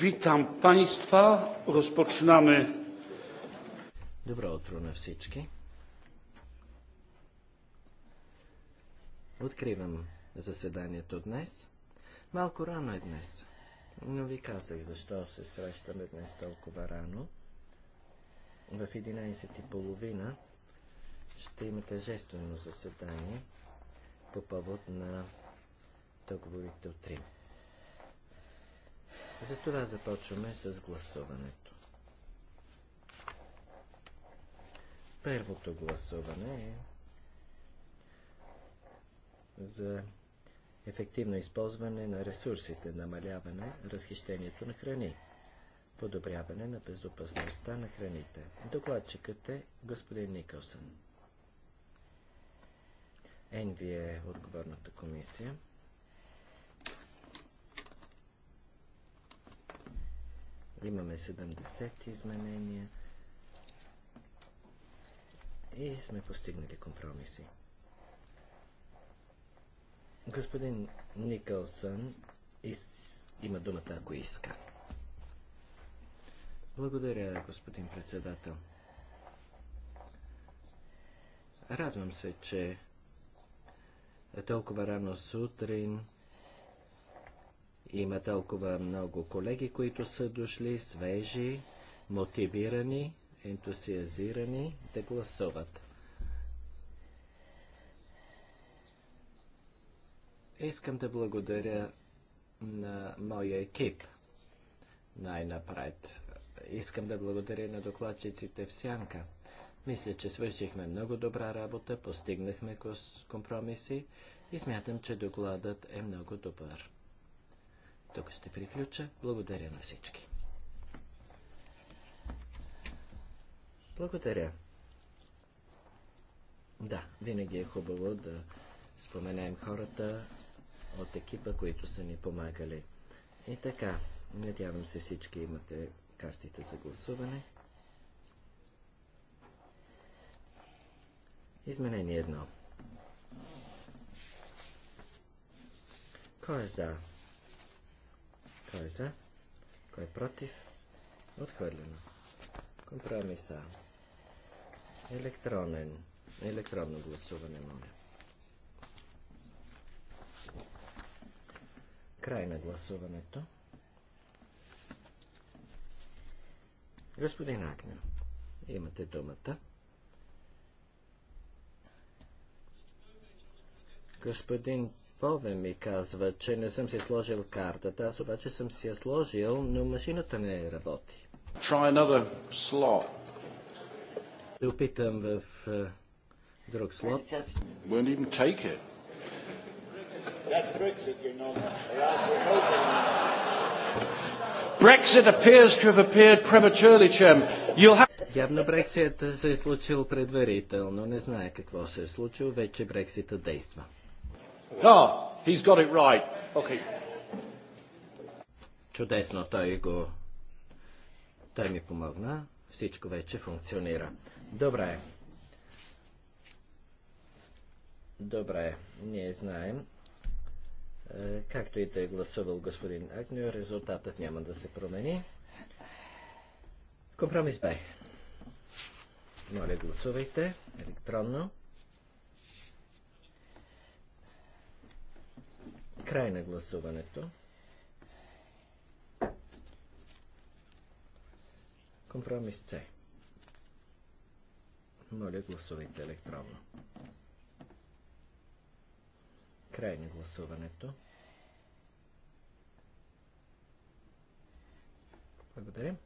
Witam Państwa. Rozpoczynamy. Добро утро на всички. Откривам заседанието днес. Малко рано е днес, но ви казах защо се срещаме днес толкова рано. В 11.30 ще има тържествено заседание по повод на договорите от Рим. Затова започваме с гласуването. Първото гласуване е за ефективно използване на ресурсите, намаляване разхищението на храни, подобряване на безопасността на храните. Докладчикът е господин Никълсън. Енви е отговорната комисия. Имаме 70 изменения и сме постигнали компромиси. Господин Никълсън из... има думата, ако иска. Благодаря, господин председател. Радвам се, че толкова рано сутрин има толкова много колеги, които са дошли свежи, мотивирани, ентусиазирани да гласуват. Искам да благодаря на моя екип най-напред. Искам да благодаря на докладчиците в Сянка. Мисля, че свършихме много добра работа, постигнахме компромиси и смятам, че докладът е много добър. Тук ще приключа. Благодаря на всички. Благодаря. Да, винаги е хубаво да споменаем хората от екипа, които са ни помагали. И така, надявам се всички имате картите за гласуване. Изменение едно. Кой е за? Кой е за? Кой е против? Отхвърлено. Компромиса. Електронен. Електронно гласуване, моля. Край на гласуването. Господин Агнев, имате думата. Господин шефове ми казва, че не съм си сложил картата. Аз обаче съм си я сложил, но машината не работи. Try another slot. Ще опитам в uh, друг слот. Won't even take it. That's Brexit, you know. Right, Brexit appears to have appeared prematurely, Chem. You'll have... Явно Брексит се е случил предварително. Не знае какво се е случило. Вече Брексита действа oh, he's got it right. Okay. Чудесно, той го... Той ми помогна. Всичко вече функционира. Добре. Добре, ние знаем. Е, както и да е гласувал господин Агнио, резултатът няма да се промени. Компромис Б. Моля, гласувайте електронно. Край на гласуването. Компромис С. Моля, гласувайте електронно. Край на гласуването. Благодаря.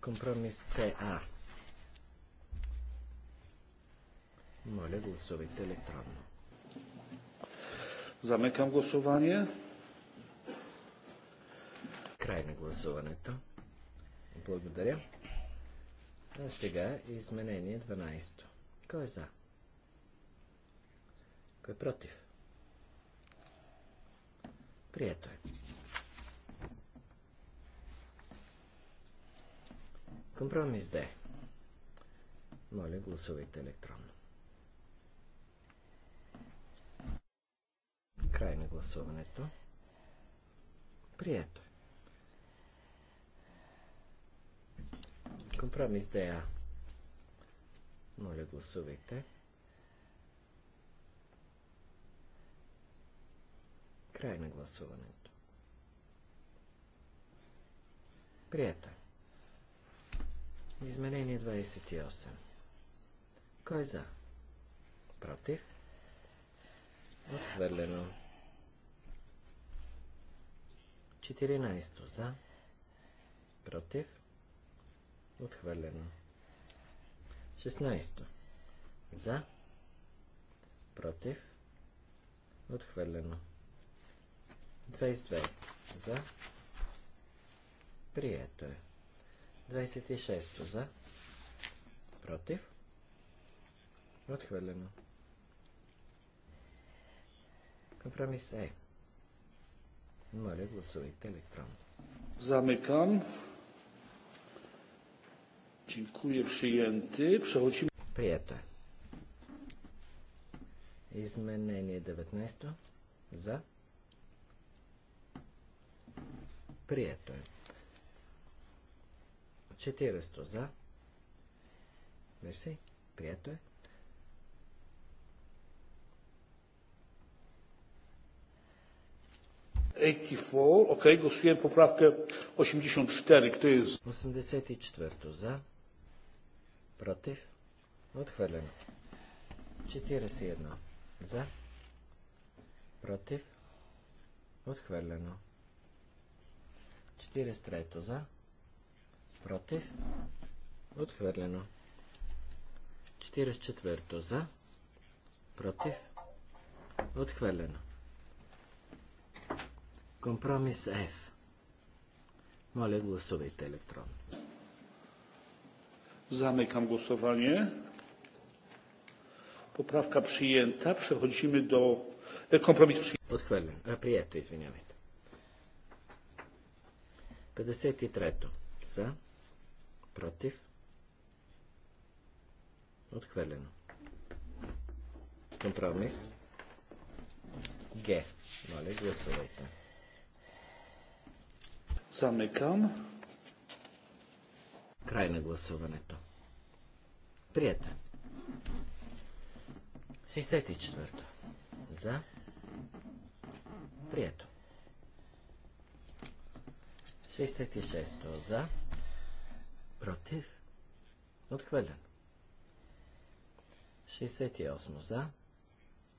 Компромис А. Моля, гласувайте електронно. Zamykam głosowanie. Край на гласуването. Благодаря. А сега изменение 12. Кой е за? Кой е против? Прието е. Компромис Д. Моля, гласувайте електронно. Край на гласуването. Прието. Е. Компромис ДА. Моля, гласувайте. Край на гласуването. Прието. Е. Изменение 28. Кой е за? Против? Отвърлено. 14 за, против, отхвърлено. 16 за, против, отхвърлено. 22 за, прието е. 26 за, против, отхвърлено. Компромис е. Моля, гласувайте електронно. Замекам. Dziękuję, приемте. Przechodzimy. Прието е. Изменение 19. За. Прието е. 40 за. Мерси. Прието е. 84. Ok, głosujemy poprawkę 84. Kto jest? 84 za. Против. Отхвърлено. 41 за. Против. Отхвърлено. 43 за. Против. Отхвърлено. 44 за. Против. Отхвърлено. Компромис F. Моля, гласувайте електронно. Замекам гласуване. Поправка przyjęta. Przechodzimy до... Компромис przyjęty. Podchwalę. А, прието, извинявайте. 53-то. За. Против. Отхвърлено. Компромис. Г. Моля, гласувайте. Замикам. Край на гласуването. Прието. 64-то. Е. За. Прието. 66-то. За. Против. Отхвърлен. 68 за.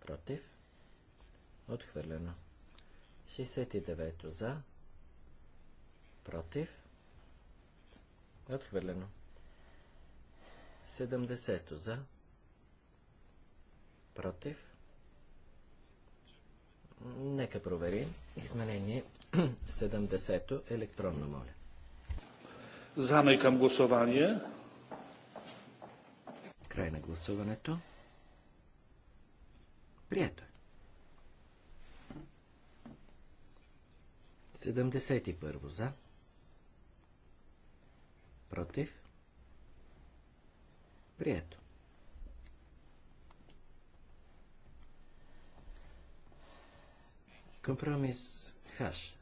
Против. Отхвърлено. 69 за. Против. Отхвърлено. 70 за. Против. Нека проверим. Изменение 70-то електронно, моля. Замикам гласование. Край на гласуването. Прието е. 71 за. Против. Прието. Компромис хаш.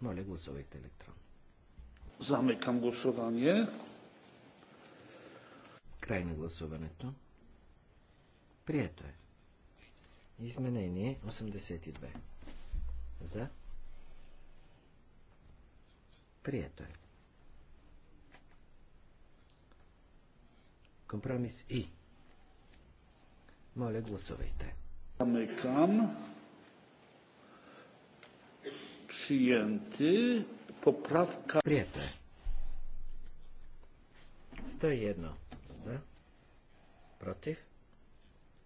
Моля, гласувайте електрон. Замикам гласуване. Край на гласуването. Прието е. Изменение 82. За. Прието е. Компромис И. Моля, гласувайте. Zamykam. Przyjęty. Poprawka. Przyjęte. 101 е. за. Против.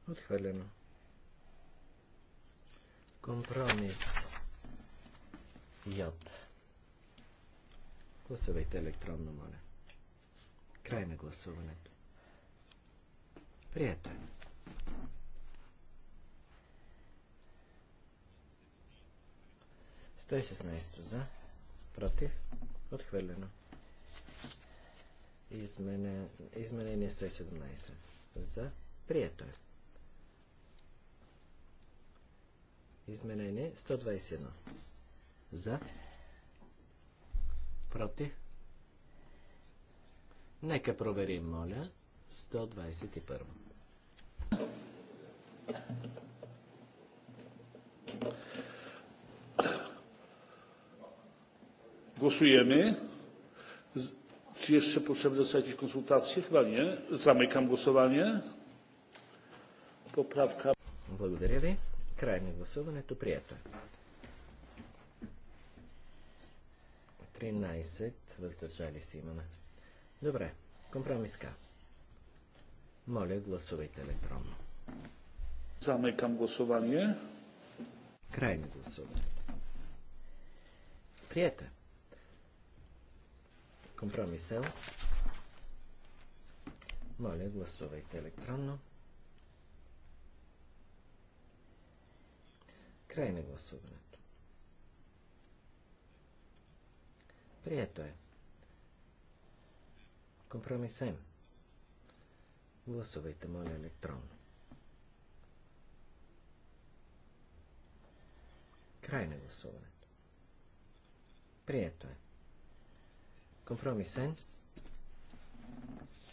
Отхвърлено. Компромис. Йод. Гласувайте електронно, моля. Край на гласуването. Прието е. Сто за. Против. Отхвърлено. Изменение 117. За. Прието е. Изменение 121. За. Против. Нека проверим, моля. 121. Głosujemy. Czy jeszcze potrzebne są jakieś konsultacje? Chyba nie. Zamykam głosowanie. Поправка. Благодаря ви. Край на гласуването. Прието е. 13. Въздържали се имаме. Добре. Компромиска. Моля, гласувайте електронно. Заме към гласуване. Край на гласуването. Приета. Е. Компромис Моля, гласувайте електронно. Край на гласуването. Прието е. Компромисен. М. Гласувайте, моля, електронно. Край на гласуването. Прието е. Компромисен.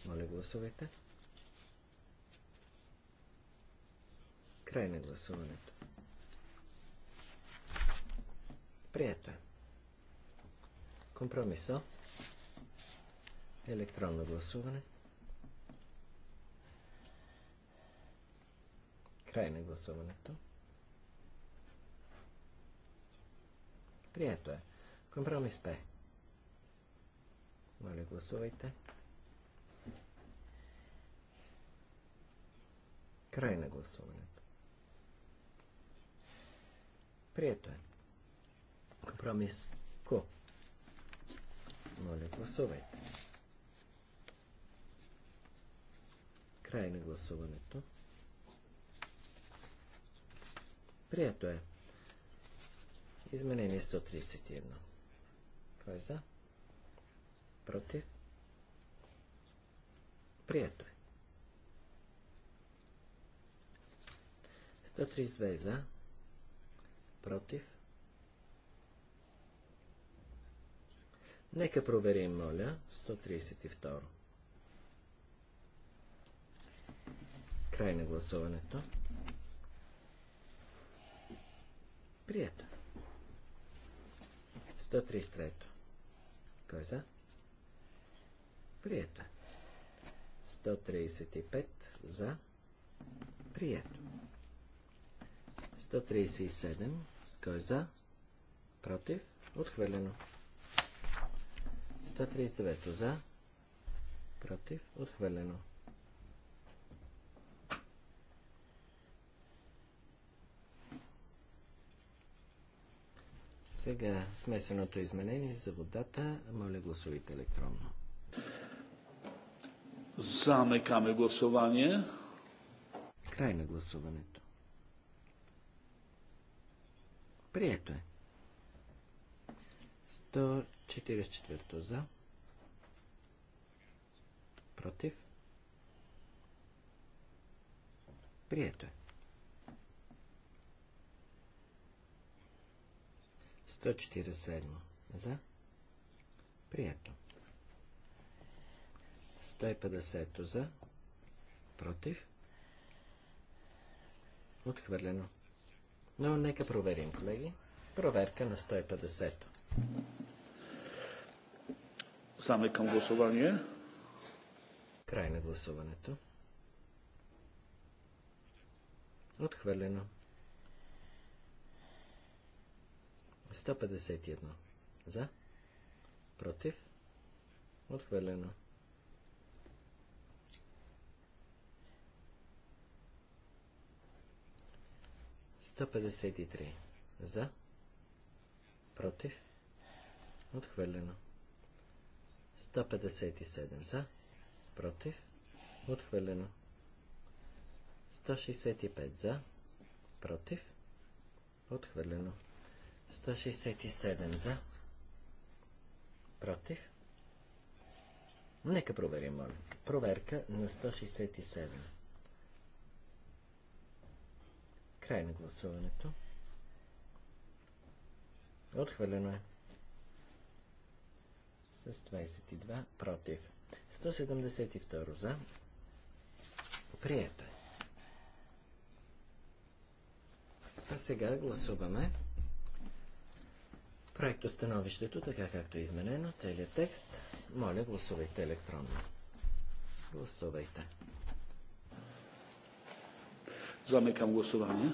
Моля, гласувайте. Край на гласуването. Прието е. Компромисо. Електронно гласуване. Край на гласуването. Прието е. Компромис П. Моля, гласувайте. Край на гласуването. Прието е. Компромис К. Моля, гласувайте. Край на гласуването. Прието е. Изменение 131. Кой е за? Против? Прието е. 132 е за. Против? Нека проверим, моля, 132. Край на гласуването. Прието. 133. Кой е за? Прието. 135 за. Прието. 137. Кой е за? Против. Отхвърлено. 139 за. Против. Отхвърлено. 140. Сега смесеното изменение за водата. Моля гласувайте електронно. Замекаме гласование. Край на гласуването. Прието е. 144 за. Против. Прието е. 147 за. Прието. 150 за. Против. Отхвърлено. Но нека проверим, колеги. Проверка на 150. към гласование. Край на гласуването. Отхвърлено. 151. За. Против. Отхвърлено. Сто петдесет и три. За. Против. Отхвърлено. 157 за. Против. Отхвърлено. 165 за. Против. Отхвърлено. 167 за. Против. Нека проверим, моля. Проверка на 167. Край на гласуването. Отхвърлено е. С 22 против. 172 за. Прието е. А сега гласуваме Проекто становището, така както е изменено, целият текст. Моля, гласувайте електронно. Гласувайте. Замекам гласуване.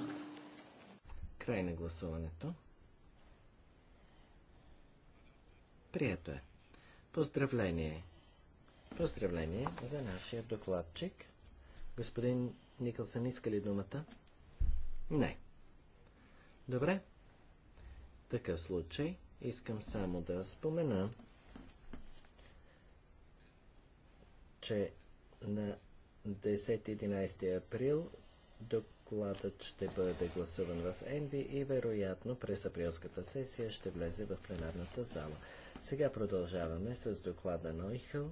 Край на гласуването. Прието е. Поздравление. Поздравление за нашия докладчик. Господин Никълсън, иска ли думата? Не. Добре такъв случай искам само да спомена, че на 10-11 април докладът ще бъде гласуван в ЕНВИ и вероятно през априлската сесия ще влезе в пленарната зала. Сега продължаваме с доклада Нойхъл.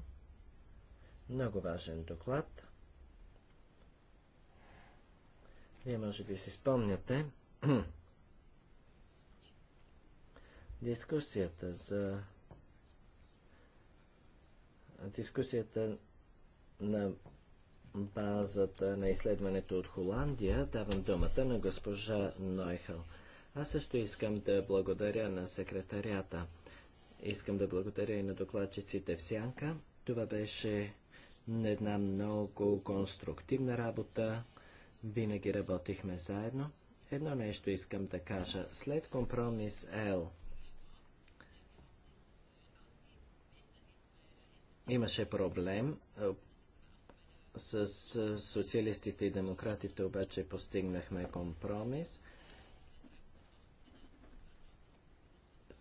Много важен доклад. Вие може би си спомняте, Дискусията за дискусията на базата на изследването от Холандия давам думата на госпожа Нойхъл. Аз също искам да благодаря на секретарята. Искам да благодаря и на докладчиците в Сянка. Това беше една много конструктивна работа. Винаги работихме заедно. Едно нещо искам да кажа. След компромис L – Имаше проблем. С социалистите и демократите обаче постигнахме компромис.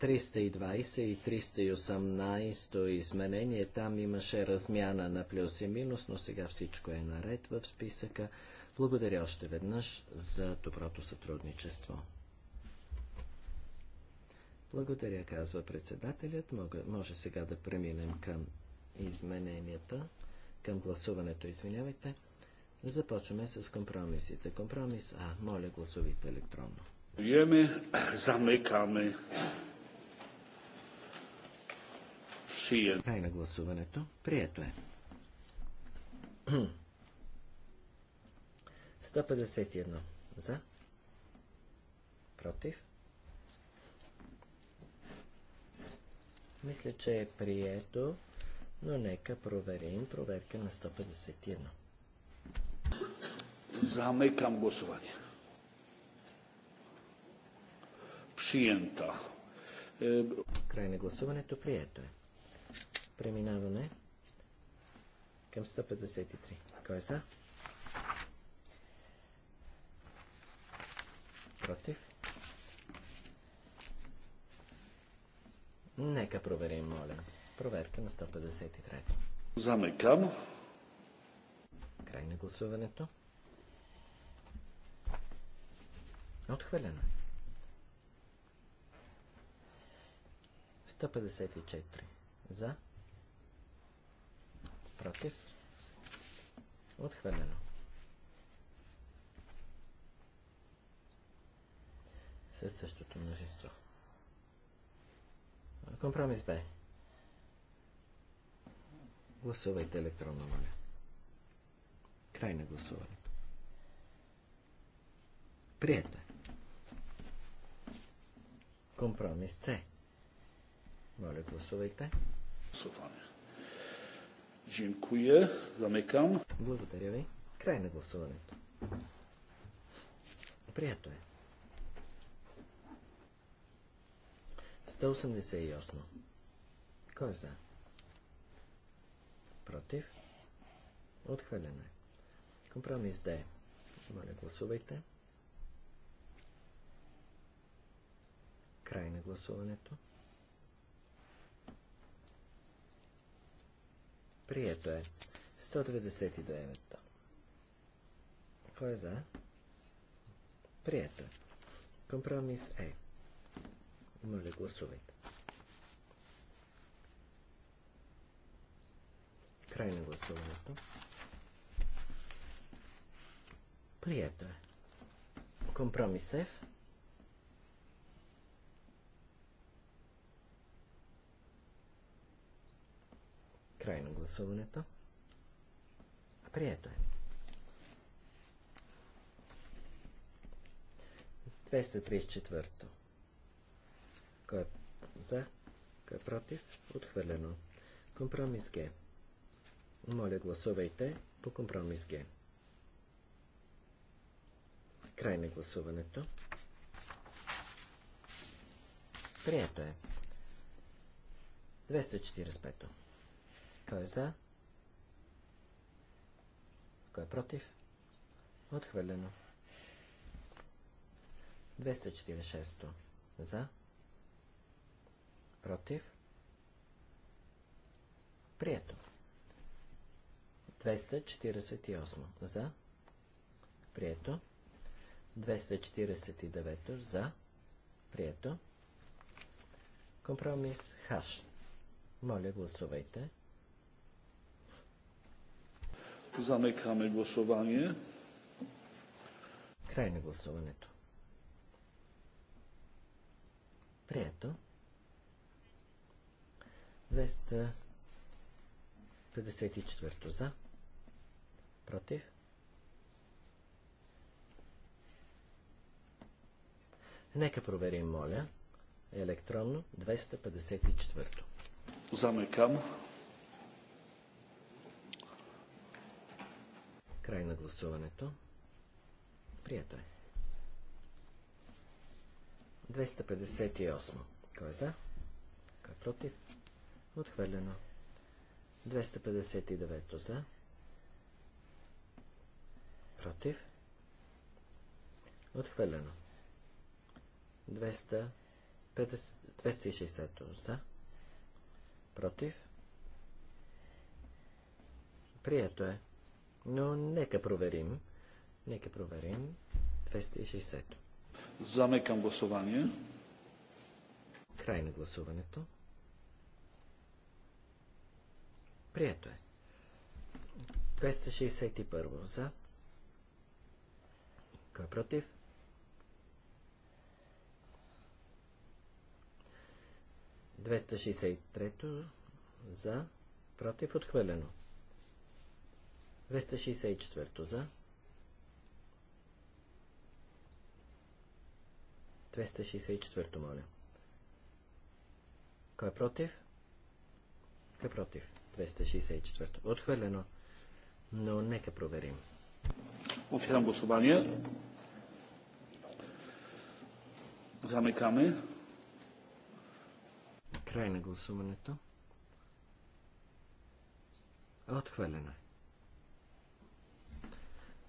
320 и 318 изменение. Там имаше размяна на плюс и минус, но сега всичко е наред в списъка. Благодаря още веднъж за доброто сътрудничество. Благодаря, казва председателят. Мога, може сега да преминем към измененията, към гласуването, извинявайте. Започваме с компромисите. Компромис А. Моля, гласувайте електронно. Приеме, замекаме. Край на гласуването. Прието е. 151. За. Против. Мисля, че е прието но нека проверим проверка на 151. гласуване. głosowanie. Е... Край на гласуването прието е. Преминаваме към 153. Кой е за? Против? Нека проверим, моля. Проверка на 153. Замекам. Край на гласуването. Отхвърлено. 154. За. Против. Отхвърлено. Със същото множество. Компромис бе. Гласувайте електронно, моля. Край на гласуването. Прието е. Компромис С. Моля, гласувайте. Гласуване. Дякую. замекам. Благодаря ви. Край на гласуването. Прието е. 188. Кой е за? против, отхвърлено е. Компромис Д. Моля, гласувайте. Край на гласуването. Прието е. 199. Кой е за? Прието е. Компромис Е. Моля, гласувайте. Край на гласуването. Прието е. Компромис Край на гласуването. Прието е. 234. Кой е за? Кой е против? Отхвърлено. Компромис Г. Моля, гласувайте по компромис Г. Край на гласуването. Прието е. 245. Кой е за? Кой е против? Отхвърлено. 246. За? Против? Прието. 247. 248 за. Прието. 249 за. Прието. Компромис хаш. Моля, гласувайте. Замекаме гласуване. Край на гласуването. Прието. 254 за. Против. Нека проверим, моля. Електронно 254. Замекам. Край на гласуването. Прието е. 258. Кой е за? Кой е против? Отхвърлено. 259 за против, отхвърлено. 200, 260 за, против, прието е, но нека проверим, нека проверим 260. Замекам гласование. Край на гласуването. Прието е. 261 за, кой е против? Двеста за, против отхвърлено. 264 за. 264 моля. Кой е против? Кой е против? 264. то Отхвърлено. Но нека проверим. Офирам гласование. Замикаме. Край на гласуването. Отхвалено е.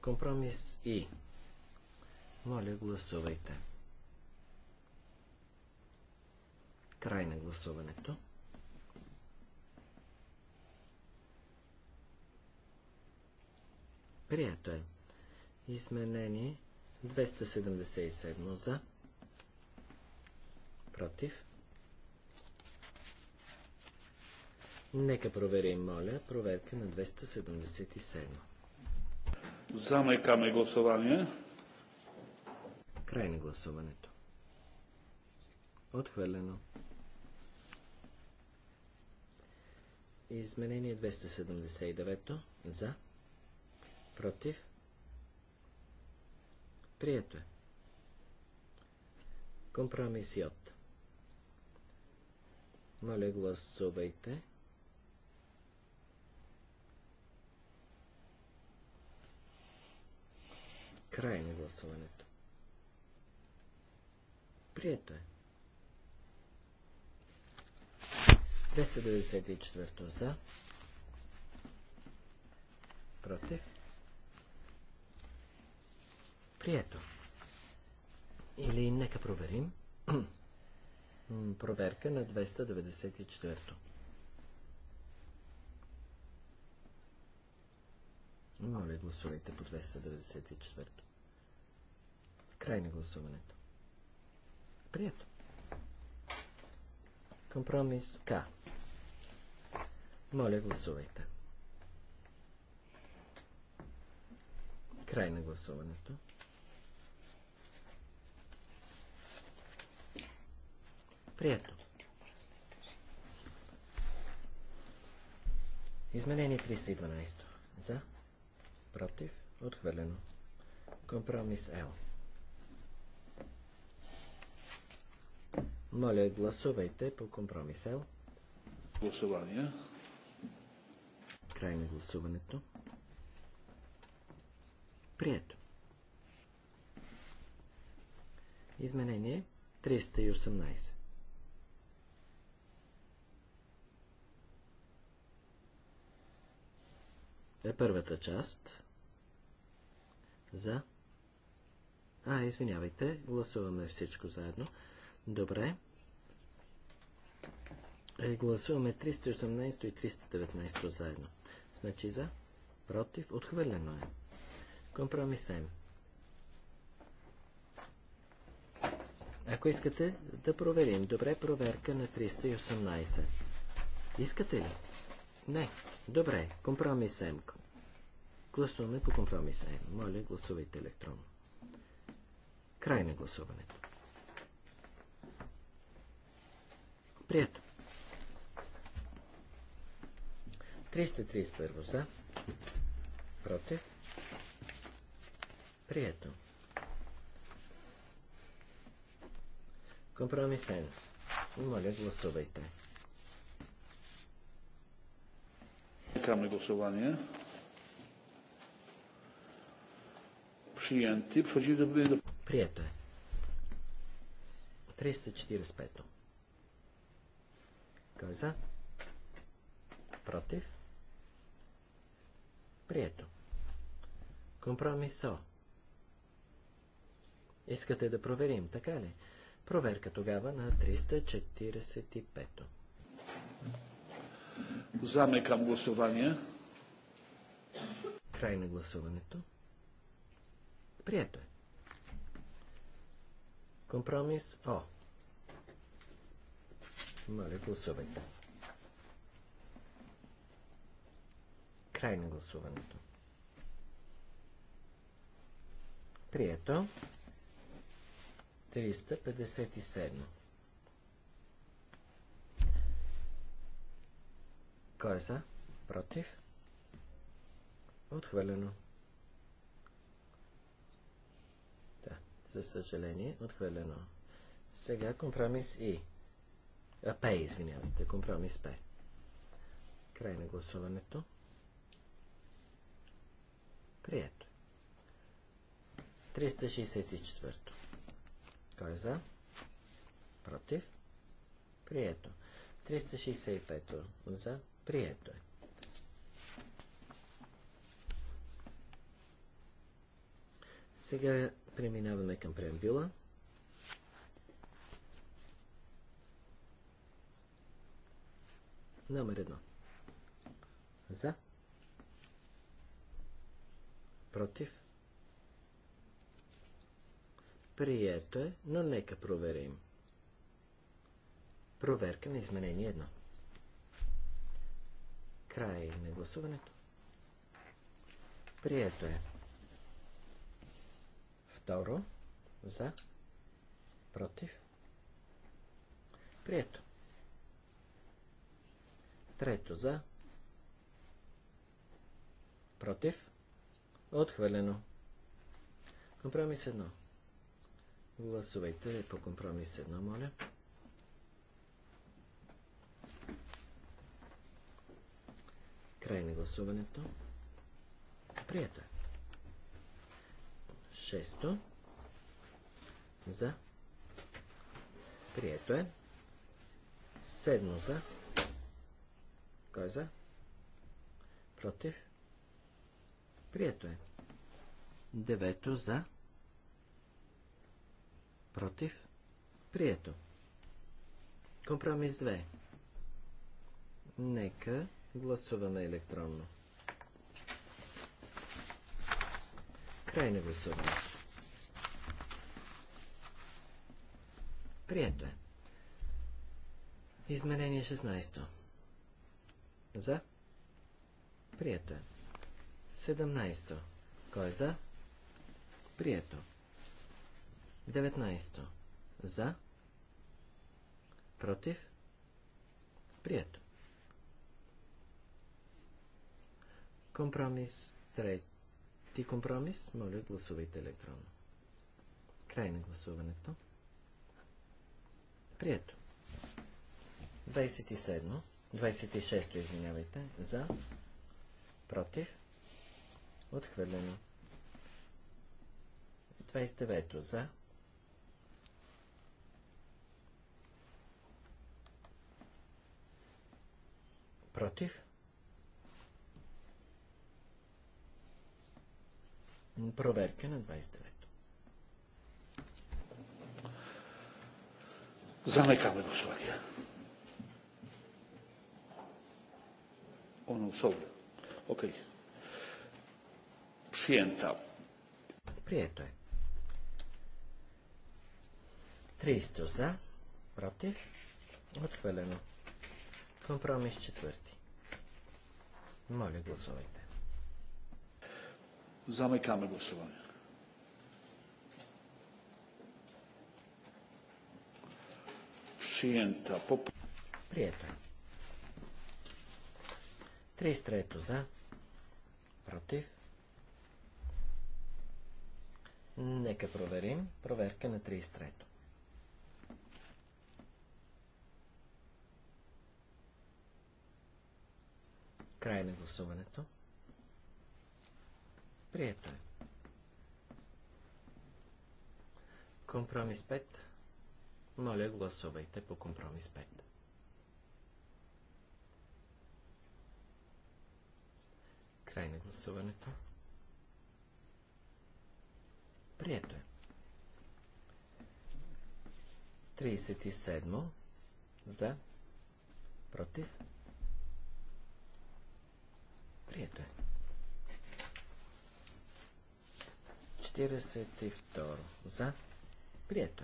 Компромис И. Моля, гласувайте. Край на гласуването. Прието е. Изменение 277 за. Против. Нека проверим, моля, проверка на 277. Замайкаме гласование. Край на гласуването. Отхвърлено. Изменение 279 за. Против. Прието е. Компромисиота. Моля, гласувайте. Край на гласуването. Прието е. 294 за. Против. Прието. Или нека проверим. проверка на 294. Моля, гласувайте по 294. Край на гласуването. Прието. Компромис К. Моля, гласувайте. Край на гласуването. Прието. Изменение 312. За. Против. Отхвърлено. Компромис Л. Моля, гласувайте по компромис Л. Гласувание. Край на гласуването. Прието. Изменение 318. е първата част за... А, извинявайте, гласуваме всичко заедно. Добре. Е, гласуваме 318 и 319 заедно. Значи за, против, отхвърлено е. Компромис Ако искате да проверим, добре проверка на 318. Искате ли? Не. Добре. Компромис М. Гласуваме по компромис М. Моля, гласувайте електронно. Край на гласуването. Прието. 331 за. Против. Прието. Компромисен. Моля, гласувайте. Zamykamy głosowanie. Przyjęty. Przechodzimy do... Przyjęte. 345. Кой за? Против? Прието. Компромисо. Искате да проверим, така ли? Проверка тогава на 345. Zamykam głosowanie. Край на гласуването. Прието е. Компромис О. Моля, гласувайте. Край на гласуването. Прието. 357. Кой е за? Против? Отхвърлено. Да, за съжаление, отхвърлено. Сега компромис И. А, П, извинявайте, компромис П. Край на гласуването. Прието. 364. Кой е за? Против? Прието. 365 за Прието е. Сега преминаваме към преамбюла. Номер едно. За. Против. Прието е, но нека проверим. Проверка на изменение едно. Края и на гласуването. Прието е. Второ. За. Против. Прието. Трето. За. Против. Отхвърлено. Компромис едно. Гласувайте по компромис едно, моля. Край на гласуването. Прието е. Шесто. За. Прието е. Седмо за. Кой за? Против. Прието е. Девето за. Против. Прието. Компромис 2. Нека Гласуваме електронно. Край на гласуване. Прието е. Изменение 16. За. Прието е. 17. Кой е за? Прието. 19. За. Против. Прието. Компромис трети компромис. Моля, гласувайте електронно. Край на гласуването. Прието. 27. 26, извинявайте. За. Против. Отхвърлено. 29. За. Против. 29. Проверка на 29-то. Замекаме гласование. Ono osobno. Ok. Przyjęta. Прието е. 300 за, против, отхвърлено. Компромис четвърти. Моля, гласувайте. Zamykamy głosowanie. Przyjęta. Pop... Прието. 33 е. за. Против. Нека проверим. Проверка на 33. Край на гласуването. Прието е. Компромис 5. Моля, гласувайте по компромис 5. Край на гласуването. Прието е. 37 за против. Прието е. 42 за. Прието.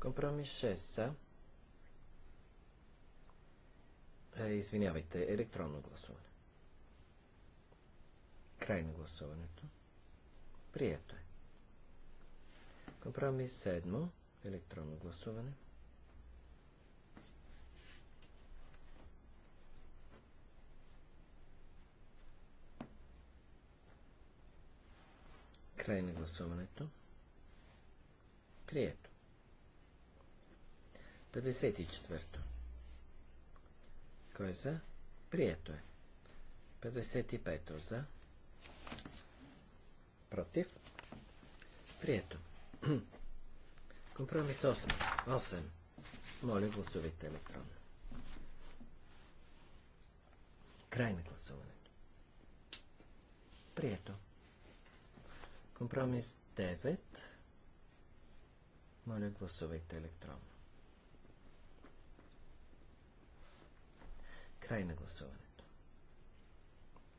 Компромис 6 за. Е, извинявайте, електронно гласуване. Край на гласуването. Прието е. Компромис 7. Електронно гласуване. 42. Край на гласуването. Прието. 54-то. Кой е за? Прието е. 55-то за. Против. Прието. Компромис 8. 8. Моля, гласувайте електронно. Край на гласуването. Прието. Компромис 9. Моля, гласувайте електронно. Край на гласуването.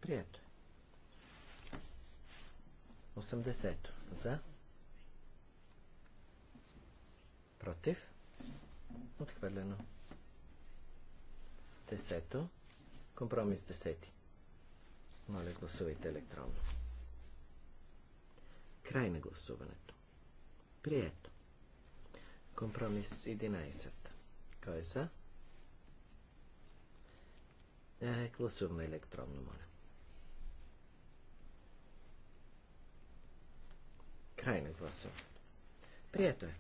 Прието е. 80. За. Против. Отхвърлено. Десето. Компромис десети. Моля, гласувайте електронно. Край на гласуването. Прието. Компромис 11. Кой е за? Е, гласуваме електронно, моля. Край на гласуването. Прието е.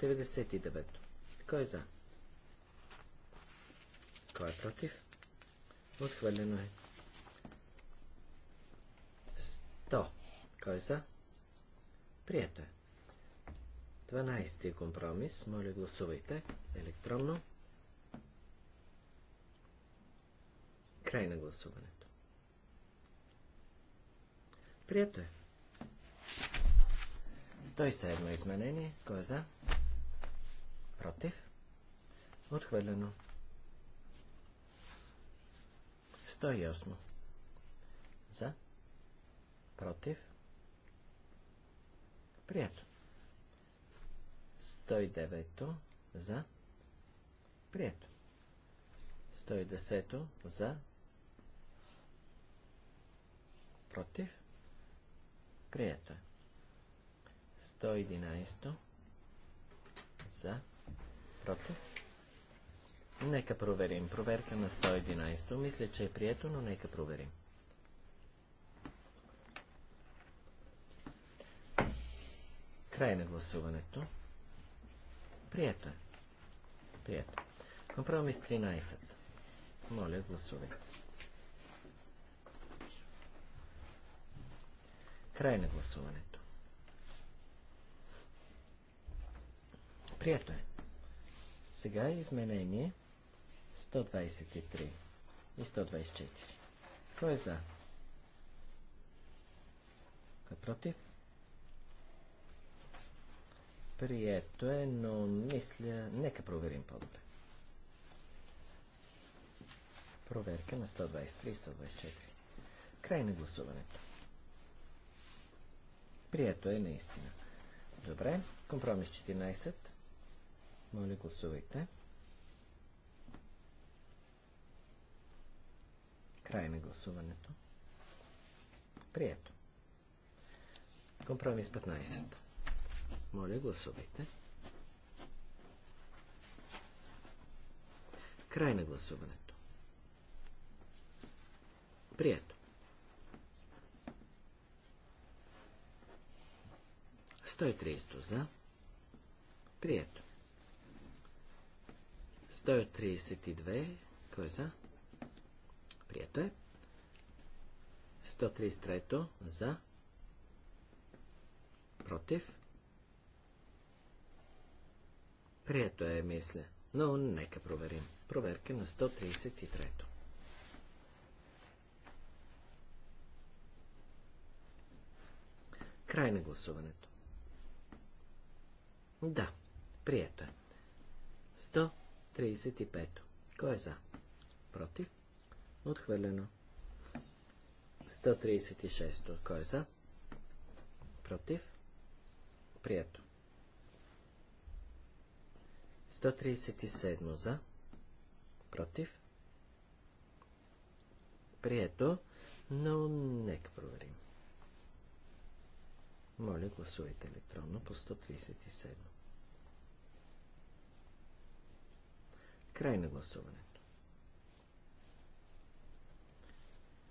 99. Кой е за? Кой е против? Отхвърлено е. 100. Кой е за? Прието е. 12 компромис. Моля, гласувайте електронно. Край на гласуването. Прието е. 107 изменение. Кой е за? Против? Отхвърлено. 108. За? Против? Прието. 109 за. Прието. 110 за. Против. Прието е. 111 за. Против. Нека проверим. Проверка на 111. то Мисля, че е прието, но нека проверим. 111. Край на гласуването. Прието е. Прието. Компромис 13. Моля, гласувайте. Край на гласуването. Прието е. Сега е изменение 123 и 124. Кой е за? Кой е против? Прието е, но мисля, нека проверим по-добре. Проверка на 123 124. Край на гласуването. Прието е наистина. Добре. Компромис 14. Моля, гласувайте. Край на гласуването. Прието. Компромис 15. Моля, гласувайте. Край на гласуването. Прието. 130 за. Прието. 132. Кой е за? Прието е. 133 за. Против. Прието е, мисля. Но нека проверим. Проверка на 133-то. Край на гласуването. Да, прието е. 135. Кой е за? Против? Отхвърлено. 136. Кой е за? Против? Прието. 137 за, против, прието, но нека проверим. Моля, гласувайте електронно по 137. Край на гласуването.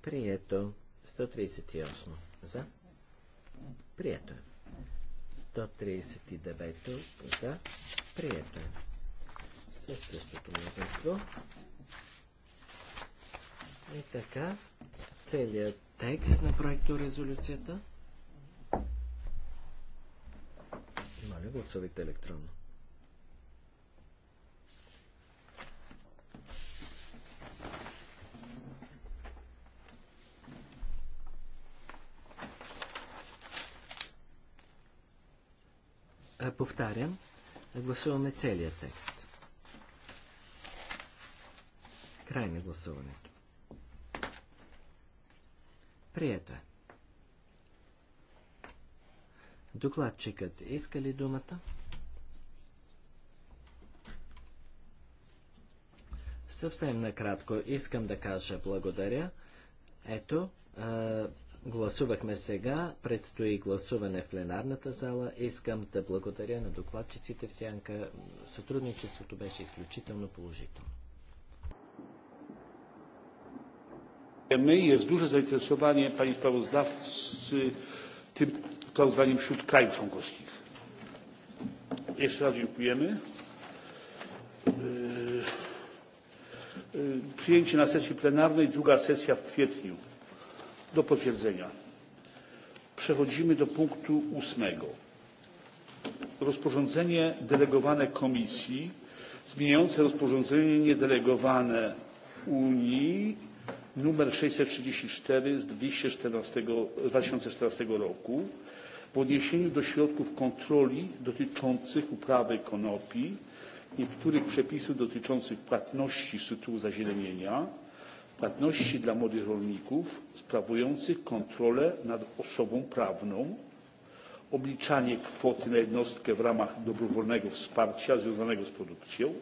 Прието. 138. За. Прието е. 139 за. Прието е със същото мнозинство. И така, целият текст на проекто резолюцията. Моля, гласувайте електронно. повтарям, гласуваме целият текст. Край на гласуването. Прието е. Докладчикът иска ли думата? Съвсем накратко искам да кажа благодаря. Ето, а, гласувахме сега, предстои гласуване в пленарната зала. Искам да благодаря на докладчиците в Сянка. Сътрудничеството беше изключително положително. Wiemy, jest duże zainteresowanie pani sprawozdawcy tym sprawozdaniem wśród krajów członkowskich. Jeszcze raz dziękujemy. Przyjęcie na sesji plenarnej, druga sesja w kwietniu. Do potwierdzenia. Przechodzimy do punktu ósmego. Rozporządzenie delegowane Komisji zmieniające rozporządzenie delegowane Unii nr 634 z 2014 roku w odniesieniu do środków kontroli dotyczących uprawy konopi, niektórych przepisów dotyczących płatności z tytułu zazielenienia, płatności dla młodych rolników sprawujących kontrolę nad osobą prawną, obliczanie kwoty na jednostkę w ramach dobrowolnego wsparcia związanego z produkcją,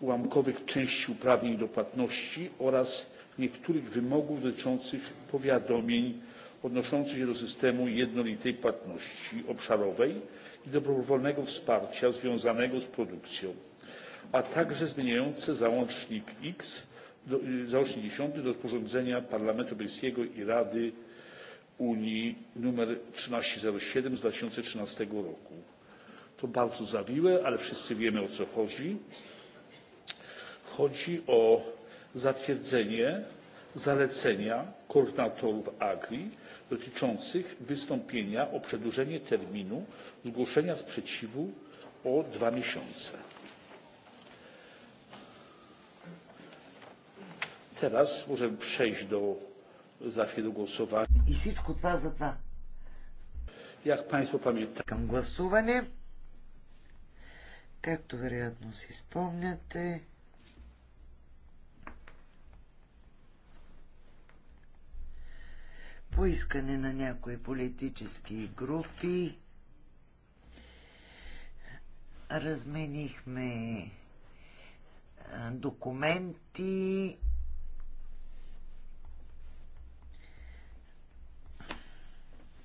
ułamkowych części uprawnień do płatności oraz niektórych wymogów dotyczących powiadomień odnoszących się do systemu jednolitej płatności obszarowej i dobrowolnego wsparcia związanego z produkcją a także zmieniające załącznik x załącznik dziesięć do rozporządzenia parlamentu europejskiego i rady unii nr tysiąc trzysta siedem z dwa tysiące trzynaście roku. to bardzo zawiłe ale wszyscy wiemy o co chodzi. chodzi o zatwierdzenie zalecenia koordynatorów agri dotyczących wystąpienia o przedłużenie terminu zgłoszenia sprzeciwu o dwa miesiące. Teraz możemy przejść do za chwilę głosowania. I wszystko to za to. Jak Państwo pamiętają. głosowanie. Jak to wyraźnie się wspomniate. поискане на някои политически групи. Разменихме документи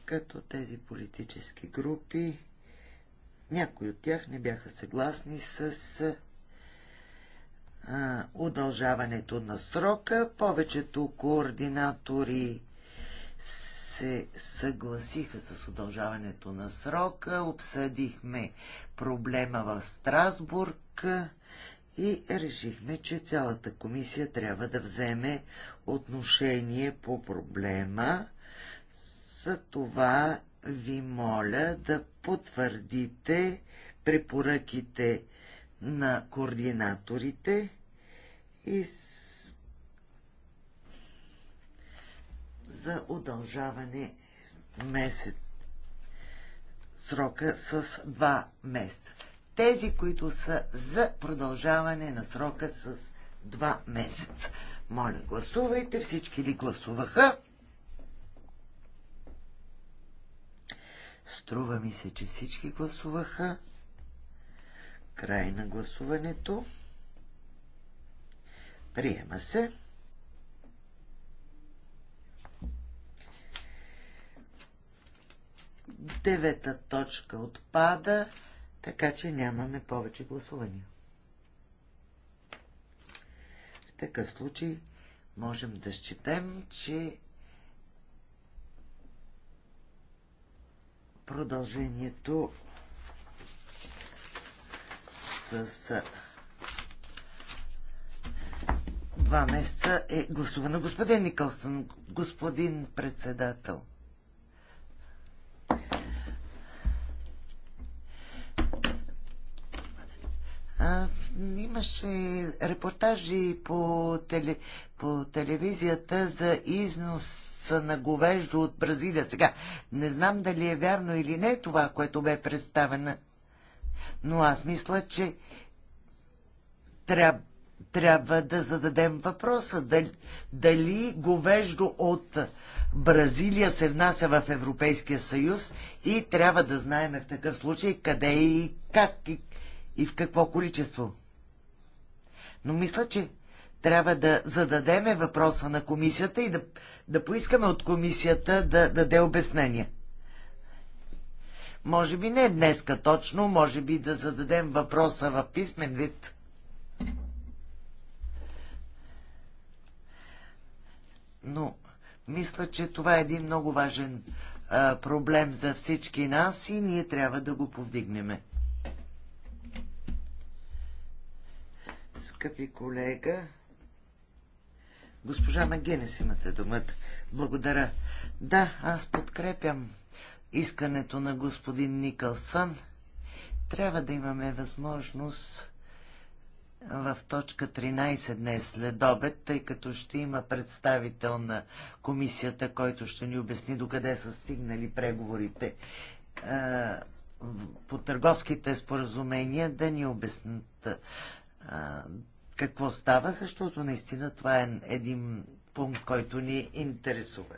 като тези политически групи някои от тях не бяха съгласни с а, удължаването на срока. Повечето координатори се съгласиха с удължаването на срока, обсъдихме проблема в Страсбург и решихме, че цялата комисия трябва да вземе отношение по проблема. За това ви моля да потвърдите препоръките на координаторите и за удължаване месец срока с два месеца. Тези, които са за продължаване на срока с два месеца. Моля, гласувайте. Всички ли гласуваха? Струва ми се, че всички гласуваха. Край на гласуването. Приема се. Девета точка отпада, така че нямаме повече гласувания. В такъв случай можем да считем, че продължението с два месеца е гласувано. Господин Никълсън, господин председател. Имаше репортажи по, теле, по телевизията за износ на говеждо от Бразилия. Сега, не знам дали е вярно или не е това, което бе представено, но аз мисля, че трябва трябва да зададем въпроса дали, дали говеждо от Бразилия се внася в Европейския съюз и трябва да знаем в такъв случай къде и как и, и в какво количество. Но мисля, че трябва да зададеме въпроса на комисията и да, да поискаме от комисията да, да даде обяснение. Може би не днеска точно, може би да зададем въпроса в писмен вид. Но мисля, че това е един много важен а, проблем за всички нас и ние трябва да го повдигнем. Скъпи колега, госпожа Магенес имате думата. Благодаря. Да, аз подкрепям искането на господин Никълсън. Трябва да имаме възможност в точка 13 днес след обед, тъй като ще има представител на комисията, който ще ни обясни докъде са стигнали преговорите по търговските споразумения да ни обяснат какво става, защото наистина това е един пункт, който ни интересува.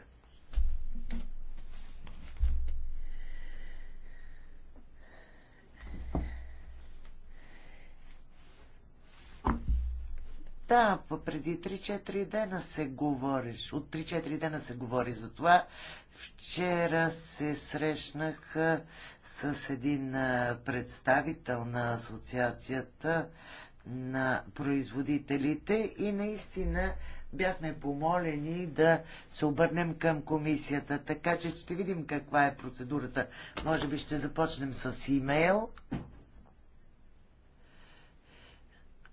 Да, преди 3-4 дена се говориш. От 3-4 дена се говори за това. Вчера се срещнах с един представител на асоциацията на производителите и наистина бяхме помолени да се обърнем към комисията, така че ще видим каква е процедурата. Може би ще започнем с имейл,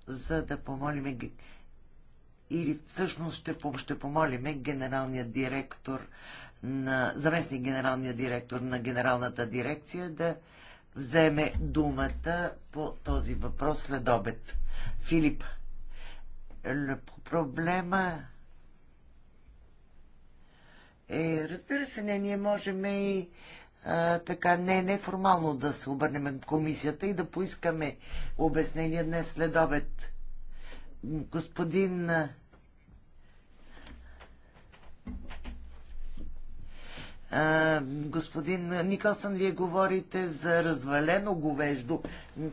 за да помолим или всъщност ще, ще помолим генералния директор на заместник генералния директор на генералната дирекция да вземе думата по този въпрос след обед. Филип, проблема е, разбира се, не, ние можем и а, така не неформално да се обърнем към комисията и да поискаме обяснение днес след обед. Господин господин Никълсън, вие говорите за развалено говеждо.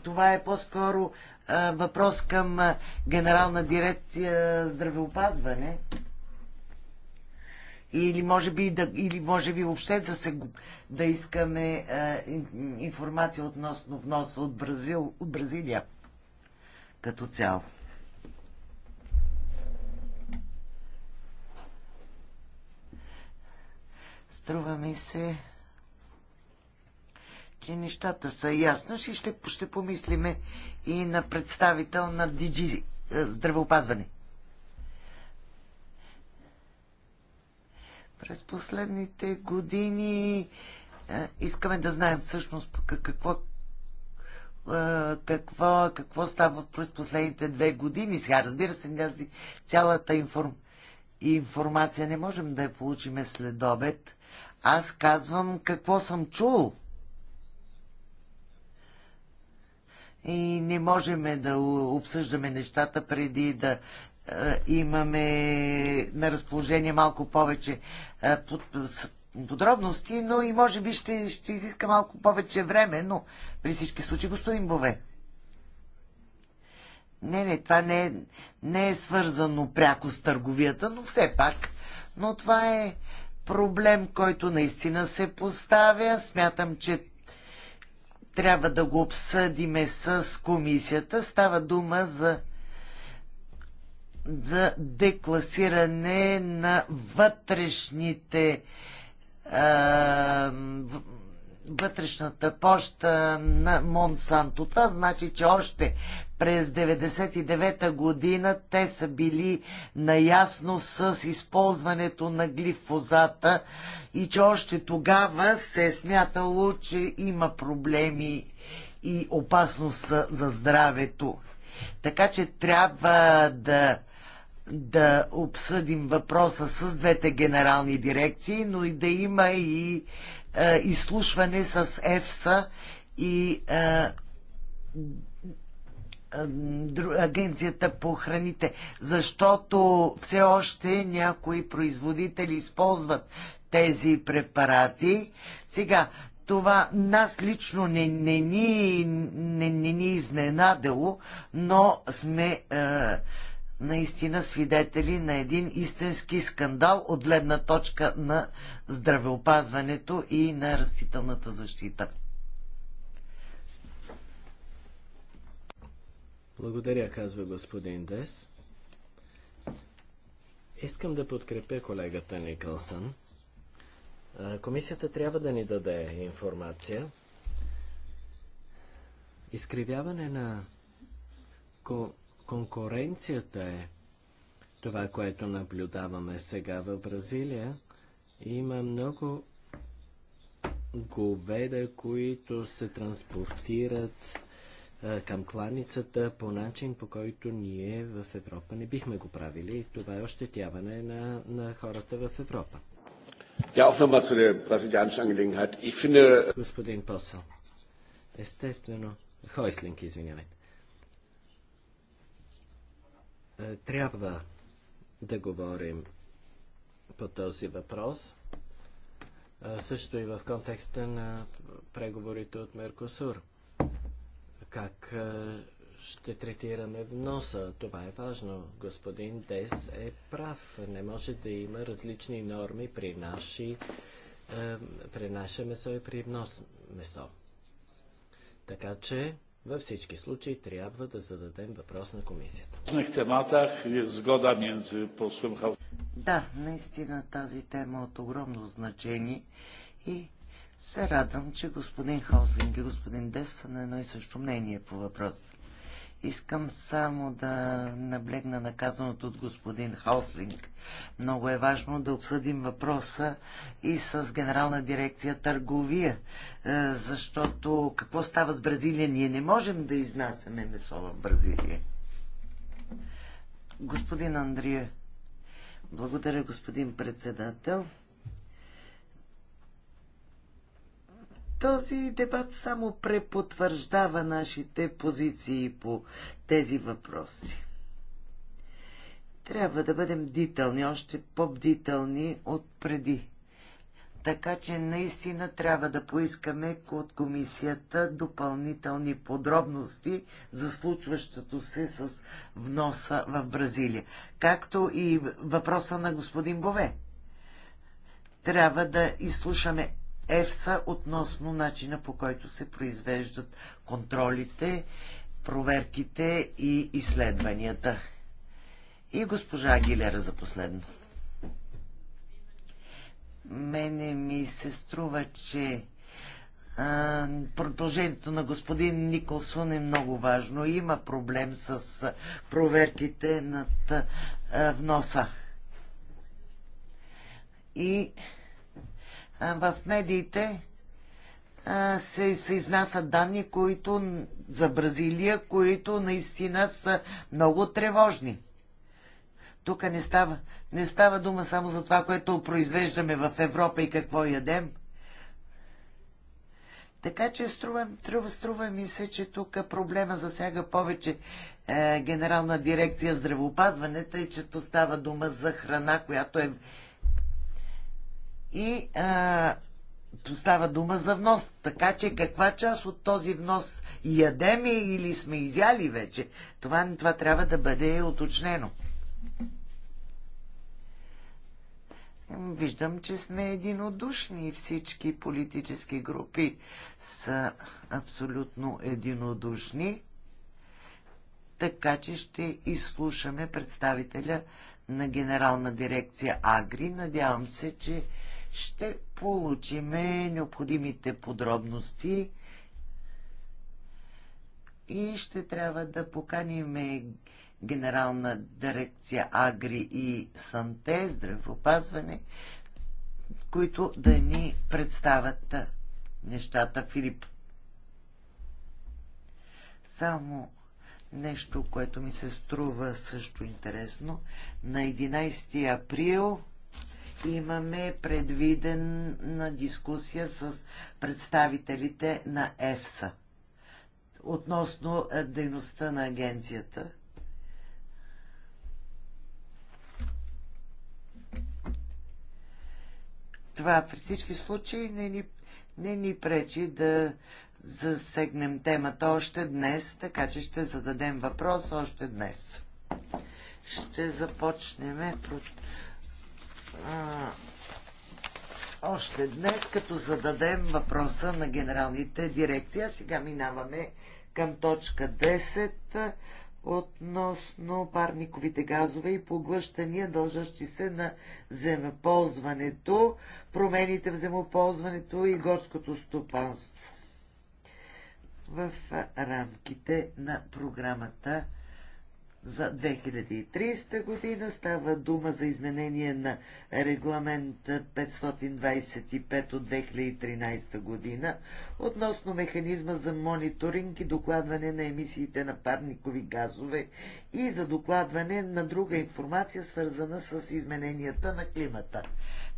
Това е по-скоро въпрос към Генерална дирекция здравеопазване. Или може би, да, или може би въобще да, се, да искаме а, информация относно вноса от, Бразил, от Бразилия като цяло. Струва ми се, че нещата са ясно. Ще, ще, ще помислиме и на представител на Диджи е, здравеопазване. През последните години е, искаме да знаем всъщност какво, е, какво, какво става през последните две години. Сега, разбира се, тази цялата информ... информация не можем да я получиме след обед, аз казвам какво съм чул. И не можем да обсъждаме нещата преди да е, имаме на разположение малко повече е, подробности, но и може би ще, ще изиска малко повече време, но при всички случаи, господин Бове. Не, не, това не е, не е свързано пряко с търговията, но все пак. Но това е проблем, който наистина се поставя. Смятам, че трябва да го обсъдиме с комисията. Става дума за, за декласиране на вътрешните а, вътрешната поща на Монсанто. Това значи, че още през 99-та година те са били наясно с използването на глифозата и че още тогава се е смятало, че има проблеми и опасност за здравето. Така че трябва да да обсъдим въпроса с двете генерални дирекции, но и да има и е, изслушване с ЕФСА и е, агенцията по храните, защото все още някои производители използват тези препарати. Сега, това нас лично не, не, ни, не, не ни изненадало, но сме е, наистина свидетели на един истински скандал от гледна точка на здравеопазването и на растителната защита. Благодаря, казва господин Дес. Искам да подкрепя колегата Никълсън. Комисията трябва да ни даде информация. Изкривяване на конкуренцията е това, което наблюдаваме сега в Бразилия. Има много говеда, които се транспортират към кланицата по начин, по който ние в Европа не бихме го правили. И това е ощетяване на, на хората в Европа. Ja, auch nochmal zu der brasilianischen Angelegenheit. Ich finde... Господин Посъл, естествено, Хойслинг, извинявайте. Трябва да говорим по този въпрос, също и в контекста на преговорите от Меркосур как ще третираме вноса. Това е важно. Господин Дес е прав. Не може да има различни норми при, наши, при наше месо и при внос месо. Така че във всички случаи трябва да зададем въпрос на комисията. Е да, наистина тази тема е от огромно значение и се радвам, че господин Холзинг и господин Дес са на едно и също мнение по въпроса. Искам само да наблегна на казаното от господин Хауслинг. Много е важно да обсъдим въпроса и с Генерална дирекция търговия, е, защото какво става с Бразилия? Ние не можем да изнасяме месо в Бразилия. Господин Андрия, благодаря господин председател. Този дебат само препотвърждава нашите позиции по тези въпроси. Трябва да бъдем дителни, още по-бдителни от преди. Така че наистина трябва да поискаме от комисията допълнителни подробности за случващото се с вноса в Бразилия. Както и въпроса на господин Бове. Трябва да изслушаме ЕФСА относно начина по който се произвеждат контролите, проверките и изследванията. И госпожа Агилера за последно. Мене ми се струва, че продължението на господин Николсон е много важно. Има проблем с проверките над а, вноса. И в медиите се, се изнасят данни, които за Бразилия, които наистина са много тревожни. Тук не става, не става дума само за това, което произвеждаме в Европа и какво ядем. Така че струва, струва, струва ми се, че тук проблема засяга повече е, Генерална дирекция здравеопазване, тъй че то става дума за храна, която е и а, става дума за внос. Така че каква част от този внос ядеме или сме изяли вече? Това, това трябва да бъде уточнено. Виждам, че сме единодушни и всички политически групи са абсолютно единодушни. Така че ще изслушаме представителя на Генерална дирекция Агри. Надявам се, че ще получиме необходимите подробности и ще трябва да поканим генерална дирекция Агри и Санте, здравеопазване, които да ни представят нещата. Филип. Само нещо, което ми се струва също интересно. На 11 април имаме предвидена дискусия с представителите на ЕФСА относно е, дейността на агенцията. Това при всички случаи не ни, не ни пречи да засегнем темата още днес, така че ще зададем въпрос още днес. Ще започнем. Прот още днес, като зададем въпроса на генералните дирекции. сега минаваме към точка 10 относно парниковите газове и поглъщания, дължащи се на земеползването, промените в земеползването и горското стопанство в рамките на програмата за 2030 година. Става дума за изменение на регламент 525 от 2013 година относно механизма за мониторинг и докладване на емисиите на парникови газове и за докладване на друга информация, свързана с измененията на климата.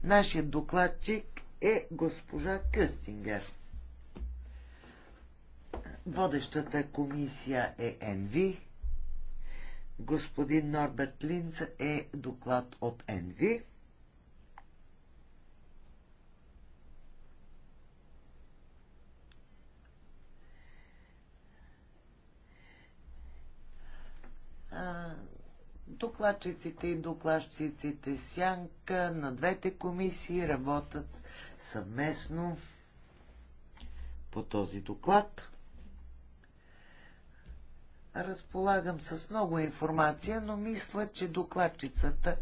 Нашият докладчик е госпожа Кюстингер. Водещата комисия е ЕНВИ. Господин Норберт Линц е доклад от НВ. докладчиците и докладчиците сянка на двете комисии работят съвместно по този доклад разполагам с много информация, но мисля, че докладчицата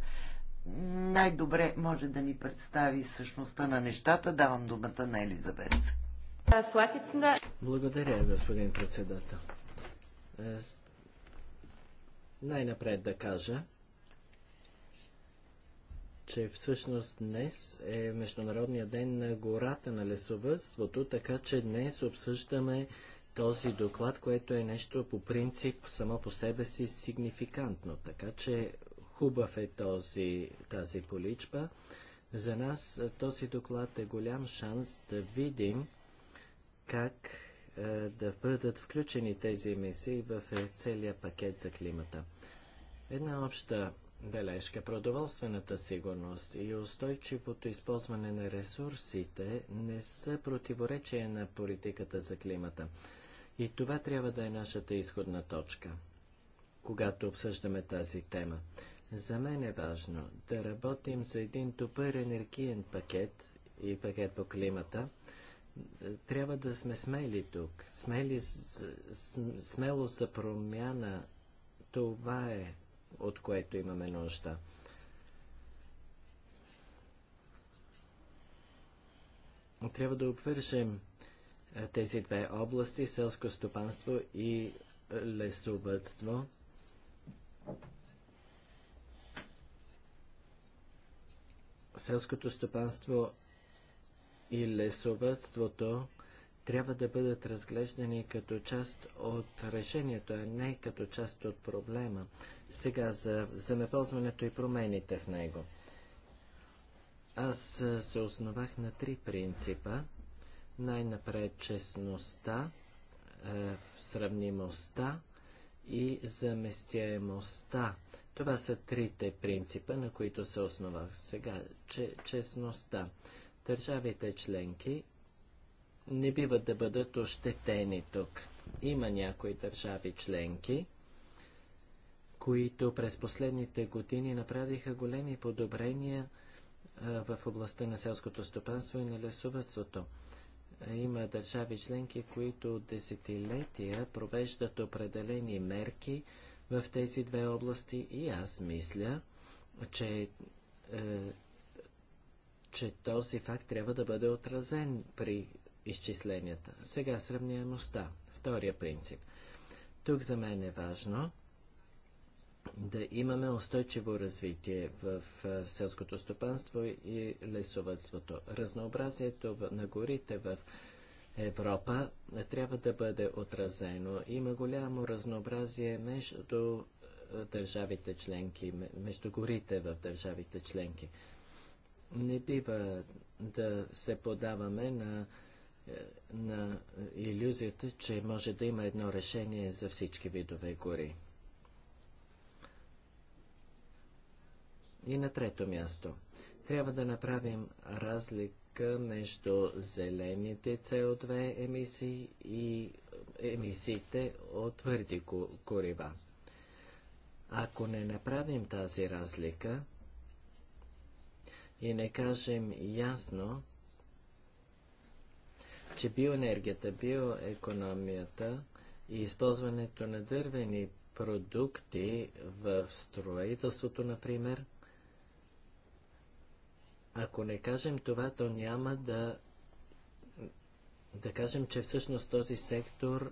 най-добре може да ни представи същността на нещата. Давам думата на Елизабет. Благодаря, господин председател. Е, най-напред да кажа, че всъщност днес е Международния ден на гората на лесовътството, така че днес обсъждаме този доклад, което е нещо по принцип само по себе си сигнификантно. Така че хубав е този, тази поличба. За нас е, този доклад е голям шанс да видим как е, да бъдат включени тези емисии в е, целия пакет за климата. Една обща бележка. Продоволствената сигурност и устойчивото използване на ресурсите не са противоречие на политиката за климата. И това трябва да е нашата изходна точка, когато обсъждаме тази тема. За мен е важно да работим за един добър енергиен пакет и пакет по климата. Трябва да сме смели тук. Смели, смело за промяна. Това е от което имаме нужда. Трябва да обвържем е, тези две области селско стопанство и е, лесовътство. Селското стопанство и лесовътството трябва да бъдат разглеждани като част от решението, а не като част от проблема. Сега за земеползването и промените в него. Аз е, се основах на три принципа – най-напред честността, е, сравнимостта и заместяемостта. Това са трите принципа, на които се основах сега. Че, честността. Държавите членки не биват да бъдат ощетени тук. Има някои държави членки, които през последните години направиха големи подобрения е, в областта на селското стопанство и на лесовътството. Има държави членки, които десетилетия провеждат определени мерки в тези две области и аз мисля, че, е, че този факт трябва да бъде отразен при изчисленията. Сега сравняемостта. Втория принцип. Тук за мен е важно да имаме устойчиво развитие в селското стопанство и лесовътството. Разнообразието на горите в Европа трябва да бъде отразено. Има голямо разнообразие между държавите членки, между горите в държавите членки. Не бива да се подаваме на, е, на иллюзията, че може да има едно решение за всички видове гори. И на трето място, трябва да направим разлика между зелените CO2 емисии и е, емисиите от твърди корива. Ако не направим тази разлика и не кажем ясно, че биоенергията, биоекономията и използването на дървени продукти в строителството, например, ако не кажем това, то няма да, да кажем, че всъщност този сектор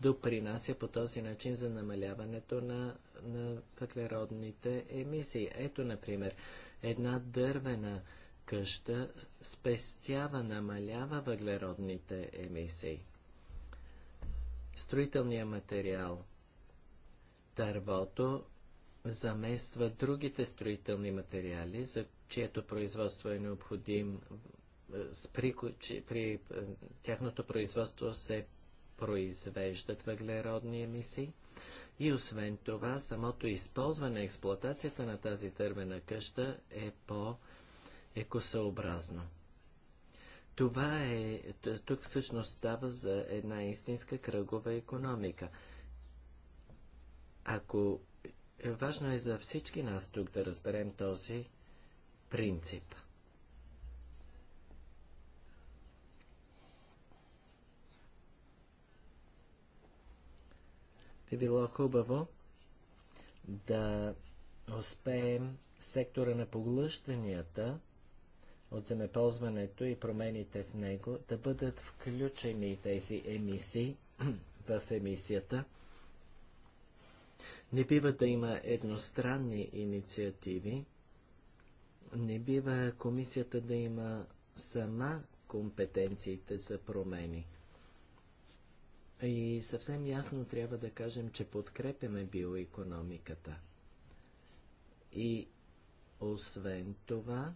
допринася по този начин за намаляването на, на въглеродните емисии. Ето, например, една дървена къща спестява, намалява въглеродните емисии. Строителният материал, дървото замества другите строителни материали, за чието производство е необходим, е, при, при е, тяхното производство се произвеждат въглеродни емисии. И освен това, самото използване, експлоатацията на тази дървена къща е по-екосъобразно. Това е, тук всъщност става за една истинска кръгова економика. Ако е, важно е за всички нас тук да разберем този принцип. Би било хубаво да успеем сектора на поглъщанията от земеползването и промените в него да бъдат включени тези емисии в емисията. Не бива да има едностранни инициативи, не бива комисията да има сама компетенциите за промени. И съвсем ясно трябва да кажем, че подкрепяме биоекономиката. И освен това,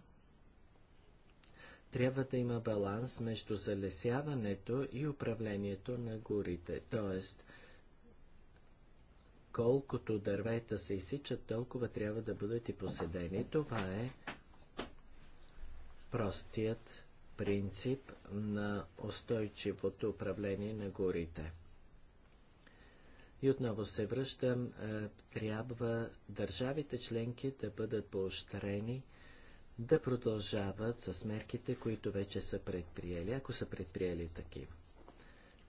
трябва да има баланс между залесяването и управлението на горите. Тоест, колкото дървета се изсичат, толкова трябва да бъдат и поседени. Това е простият принцип на устойчивото управление на горите. И отново се връщам, е, трябва държавите членки да бъдат поощрени да продължават с мерките, които вече са предприели, ако са предприели такива,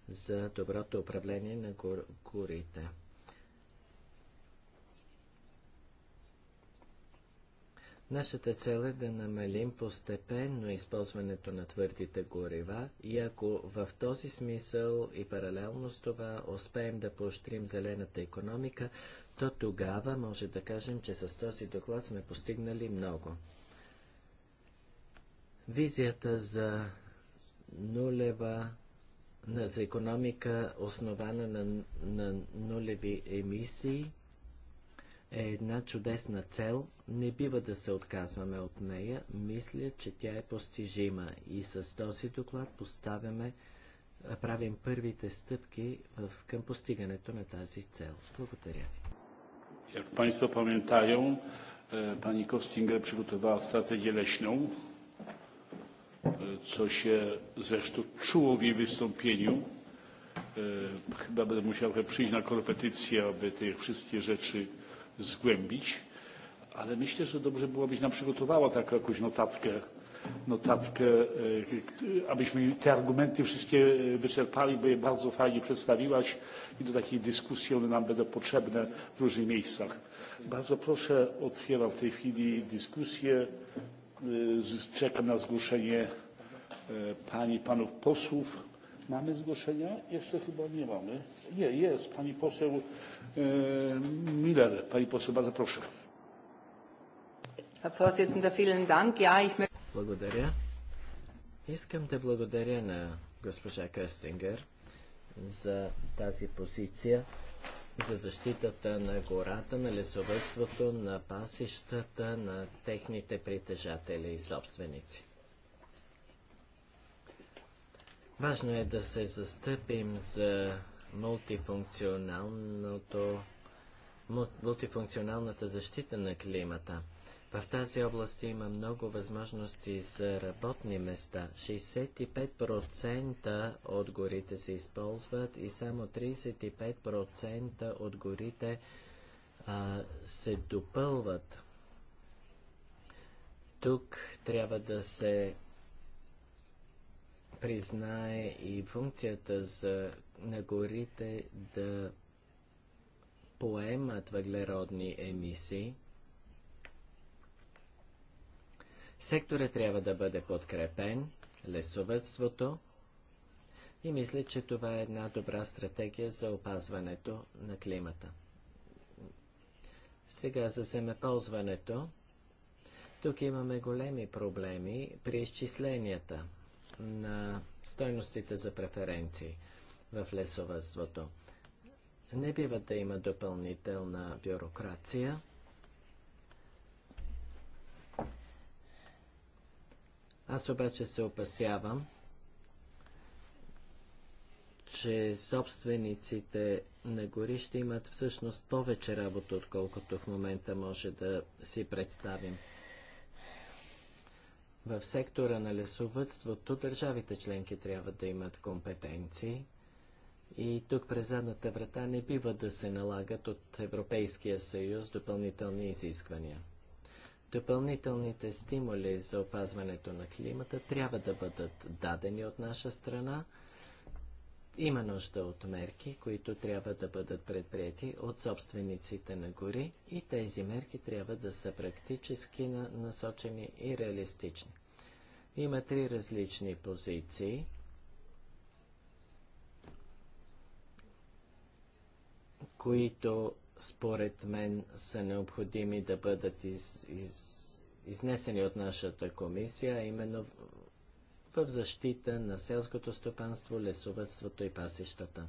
за доброто управление на горите. Нашата цел е да намалим постепенно използването на твърдите горива и ако в този смисъл и паралелно с това успеем да поощрим зелената економика, то тогава може да кажем, че с този доклад сме постигнали много. Визията за нулева за економика, основана на, на нулеви емисии – е една чудесна цел. Не бива да се отказваме от нея. Мисля, че тя е постижима и с този доклад поставяме, правим първите стъпки в, към постигането на тази цел. Благодаря ви. Jak Państwo pamiętają, pani Kostinger przygotowała strategię leśną, co się zresztą czuło w jej wystąpieniu chyba będę musiał przyjść na korepetycje, aby te wszystkie rzeczy zgłębić, ale myślę, że dobrze byłobyś nam przygotowała taką jakąś notatkę, notatkę, abyśmy te argumenty wszystkie wyczerpali, bo je bardzo fajnie przedstawiłaś i do takiej dyskusji one nam będą potrzebne w różnych miejscach. Bardzo proszę, otwieram w tej chwili dyskusję. Czekam na zgłoszenie pani i panów posłów. Mamy zgłoszenia? Jeszcze chyba nie mamy. Nie, jest. Pani poseł e, Miller. Pani poseł, bardzo proszę. Благодаря. Искам да благодаря на госпожа Кестингер за тази позиция, за защитата на гората, на лесовътството, на пасищата, на техните притежатели и собственици. Важно е да се застъпим за мултифункционалното, мултифункционалната защита на климата. В тази област има много възможности за работни места. 65% от горите се използват и само 35% от горите а, се допълват. Тук трябва да се признае и функцията за, на горите да поемат въглеродни емисии, Секторът трябва да бъде подкрепен, лесовътството и мисля, че това е една добра стратегия за опазването на климата. Сега за земеползването. Тук имаме големи проблеми при изчисленията на стойностите за преференции в лесовътството. Не бива да има допълнителна бюрокрация. Аз обаче се опасявам, че собствениците на гори ще имат всъщност повече работа, отколкото в момента може да си представим в сектора на лесовътството държавите членки трябва да имат компетенции и тук през задната врата не бива да се налагат от Европейския съюз допълнителни изисквания. Допълнителните стимули за опазването на климата трябва да бъдат дадени от наша страна – има нужда от мерки, които трябва да бъдат предприяти от собствениците на гори и тези мерки трябва да са практически насочени и реалистични. Има три различни позиции. които според мен са необходими да бъдат из, из, изнесени от нашата комисия, а именно в защита на селското стопанство, лесовътството и пасищата.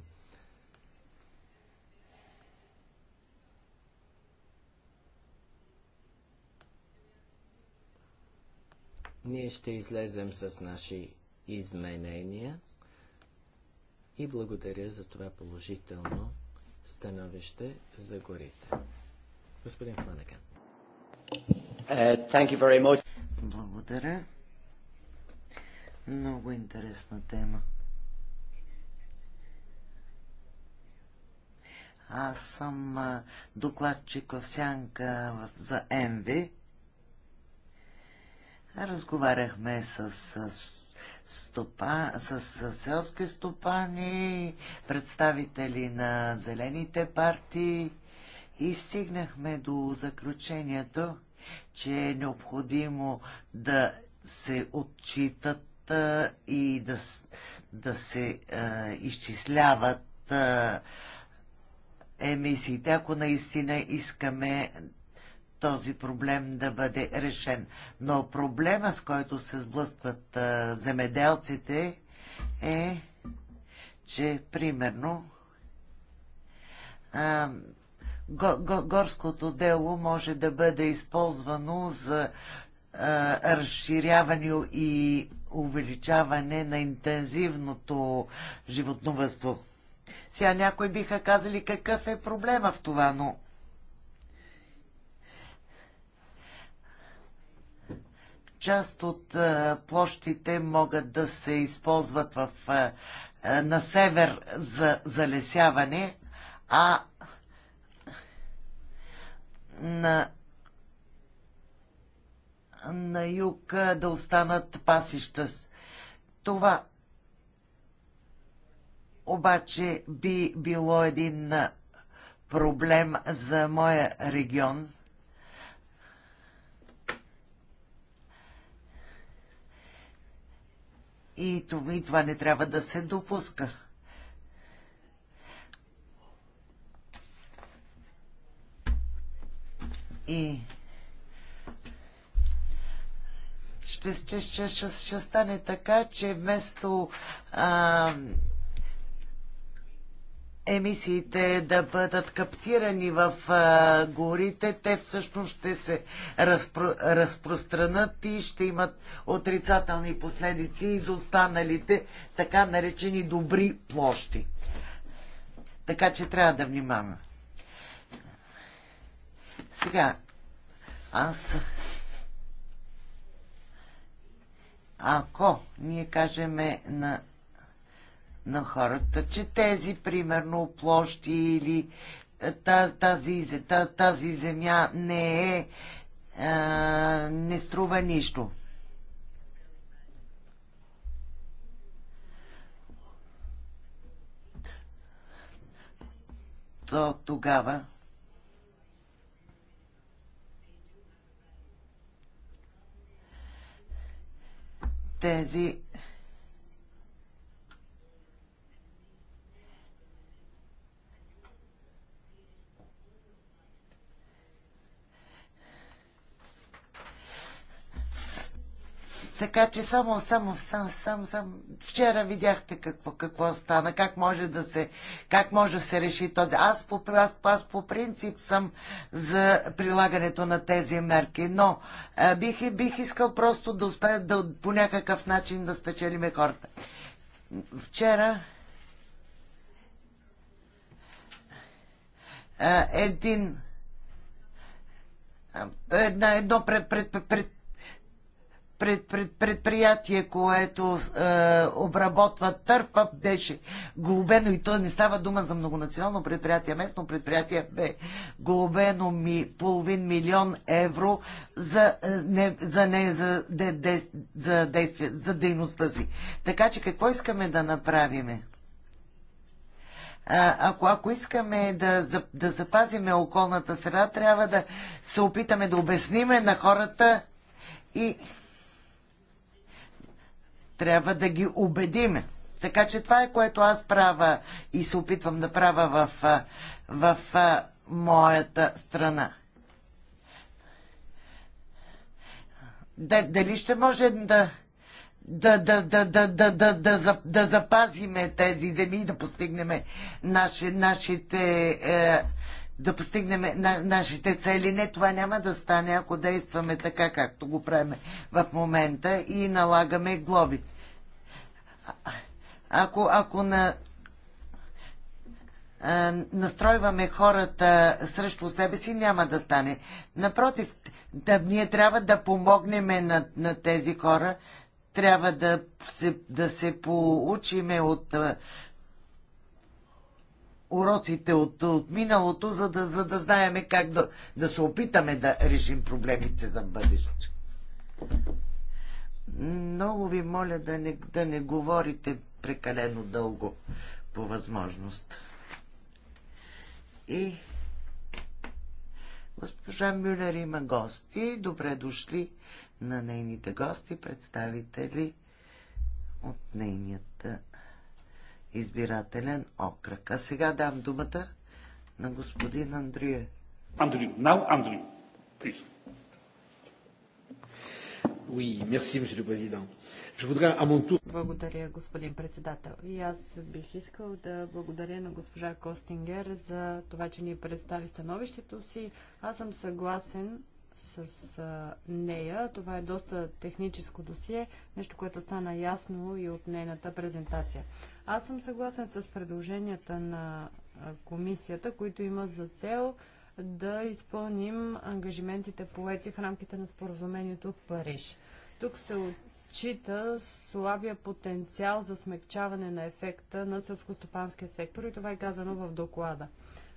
Ние ще излезем с наши изменения и благодаря за това положително становище за горите. Господин Фланекан. Uh, Благодаря. Много интересна тема. Аз съм докладчик в Сянка за МВ. Разговаряхме с, с, стопа, с, с селски стопани, представители на зелените партии и стигнахме до заключението, че е необходимо да се отчитат и да, да се а, изчисляват а, емисиите, ако наистина искаме този проблем да бъде решен. Но проблема, с който се сблъскват а, земеделците, е, че примерно а, горското дело може да бъде използвано за разширяване и увеличаване на интензивното животновътство. Сега някои биха казали какъв е проблема в това, но част от площите могат да се използват в, на север за залесяване, а на на юг да останат пасища. Това обаче би било един проблем за моя регион. И това, и това не трябва да се допуска. И ще, ще, ще, ще, ще стане така, че вместо а, емисиите да бъдат каптирани в а, горите, те всъщност ще се разпро, разпространат и ще имат отрицателни последици и за останалите така наречени добри площи. Така че трябва да внимаваме. Сега, аз ако ние кажеме на, на хората, че тези, примерно, площи или е, тази, тази земя не е, а, е, не струва нищо. То тогава тези Така че само, само, само, само, само вчера видяхте какво, какво стана, как може да се, как може да се реши този. Аз по, аз, аз по принцип съм за прилагането на тези мерки, но а, бих, бих искал просто да успеят да, по някакъв начин да спечелиме хората. Вчера а, един една, едно пред, пред, пред, предприятие, което е, обработва търпа, беше глобено и то не става дума за многонационално предприятие. Местно предприятие бе глобено ми половин милион евро за, е, не, за, не, за, де, де, за, действие, за дейността си. Така че какво искаме да направиме? ако, ако искаме да, да запазиме околната среда, трябва да се опитаме да обясниме на хората и трябва да ги убедиме. Така че това е което аз правя и се опитвам да правя в, в, в моята страна. Дали ще можем да, да, да, да, да, да, да, да, да запазиме тези земи и да постигнем наши, нашите е, да постигнем на, нашите цели. Не, това няма да стане, ако действаме така, както го правим в момента и налагаме глоби. ако, ако на, а, настройваме хората срещу себе си, няма да стане. Напротив, да, ние трябва да помогнем на, на тези хора, трябва да се, да се поучиме от уроците от, от миналото, за да, за да знаем как да, да се опитаме да решим проблемите за бъдеще. Много ви моля да не, да не говорите прекалено дълго по възможност. И госпожа Мюлер има гости. Добре дошли на нейните гости, представители от нейният избирателен окръг. А сега дам думата на господин Андрие. Андрю, now Андрю, please. Oui, merci, monsieur le président. Благодаря, господин председател. И аз бих искал да благодаря на госпожа Костингер за това, че ни представи становището си. Аз съм съгласен с а, нея. Това е доста техническо досие, нещо, което стана ясно и от нейната презентация. Аз съм съгласен с предложенията на комисията, които имат за цел да изпълним ангажиментите поети в рамките на споразумението от Париж. Тук се отчита слабия потенциал за смягчаване на ефекта на селскостопанския сектор и това е казано в доклада.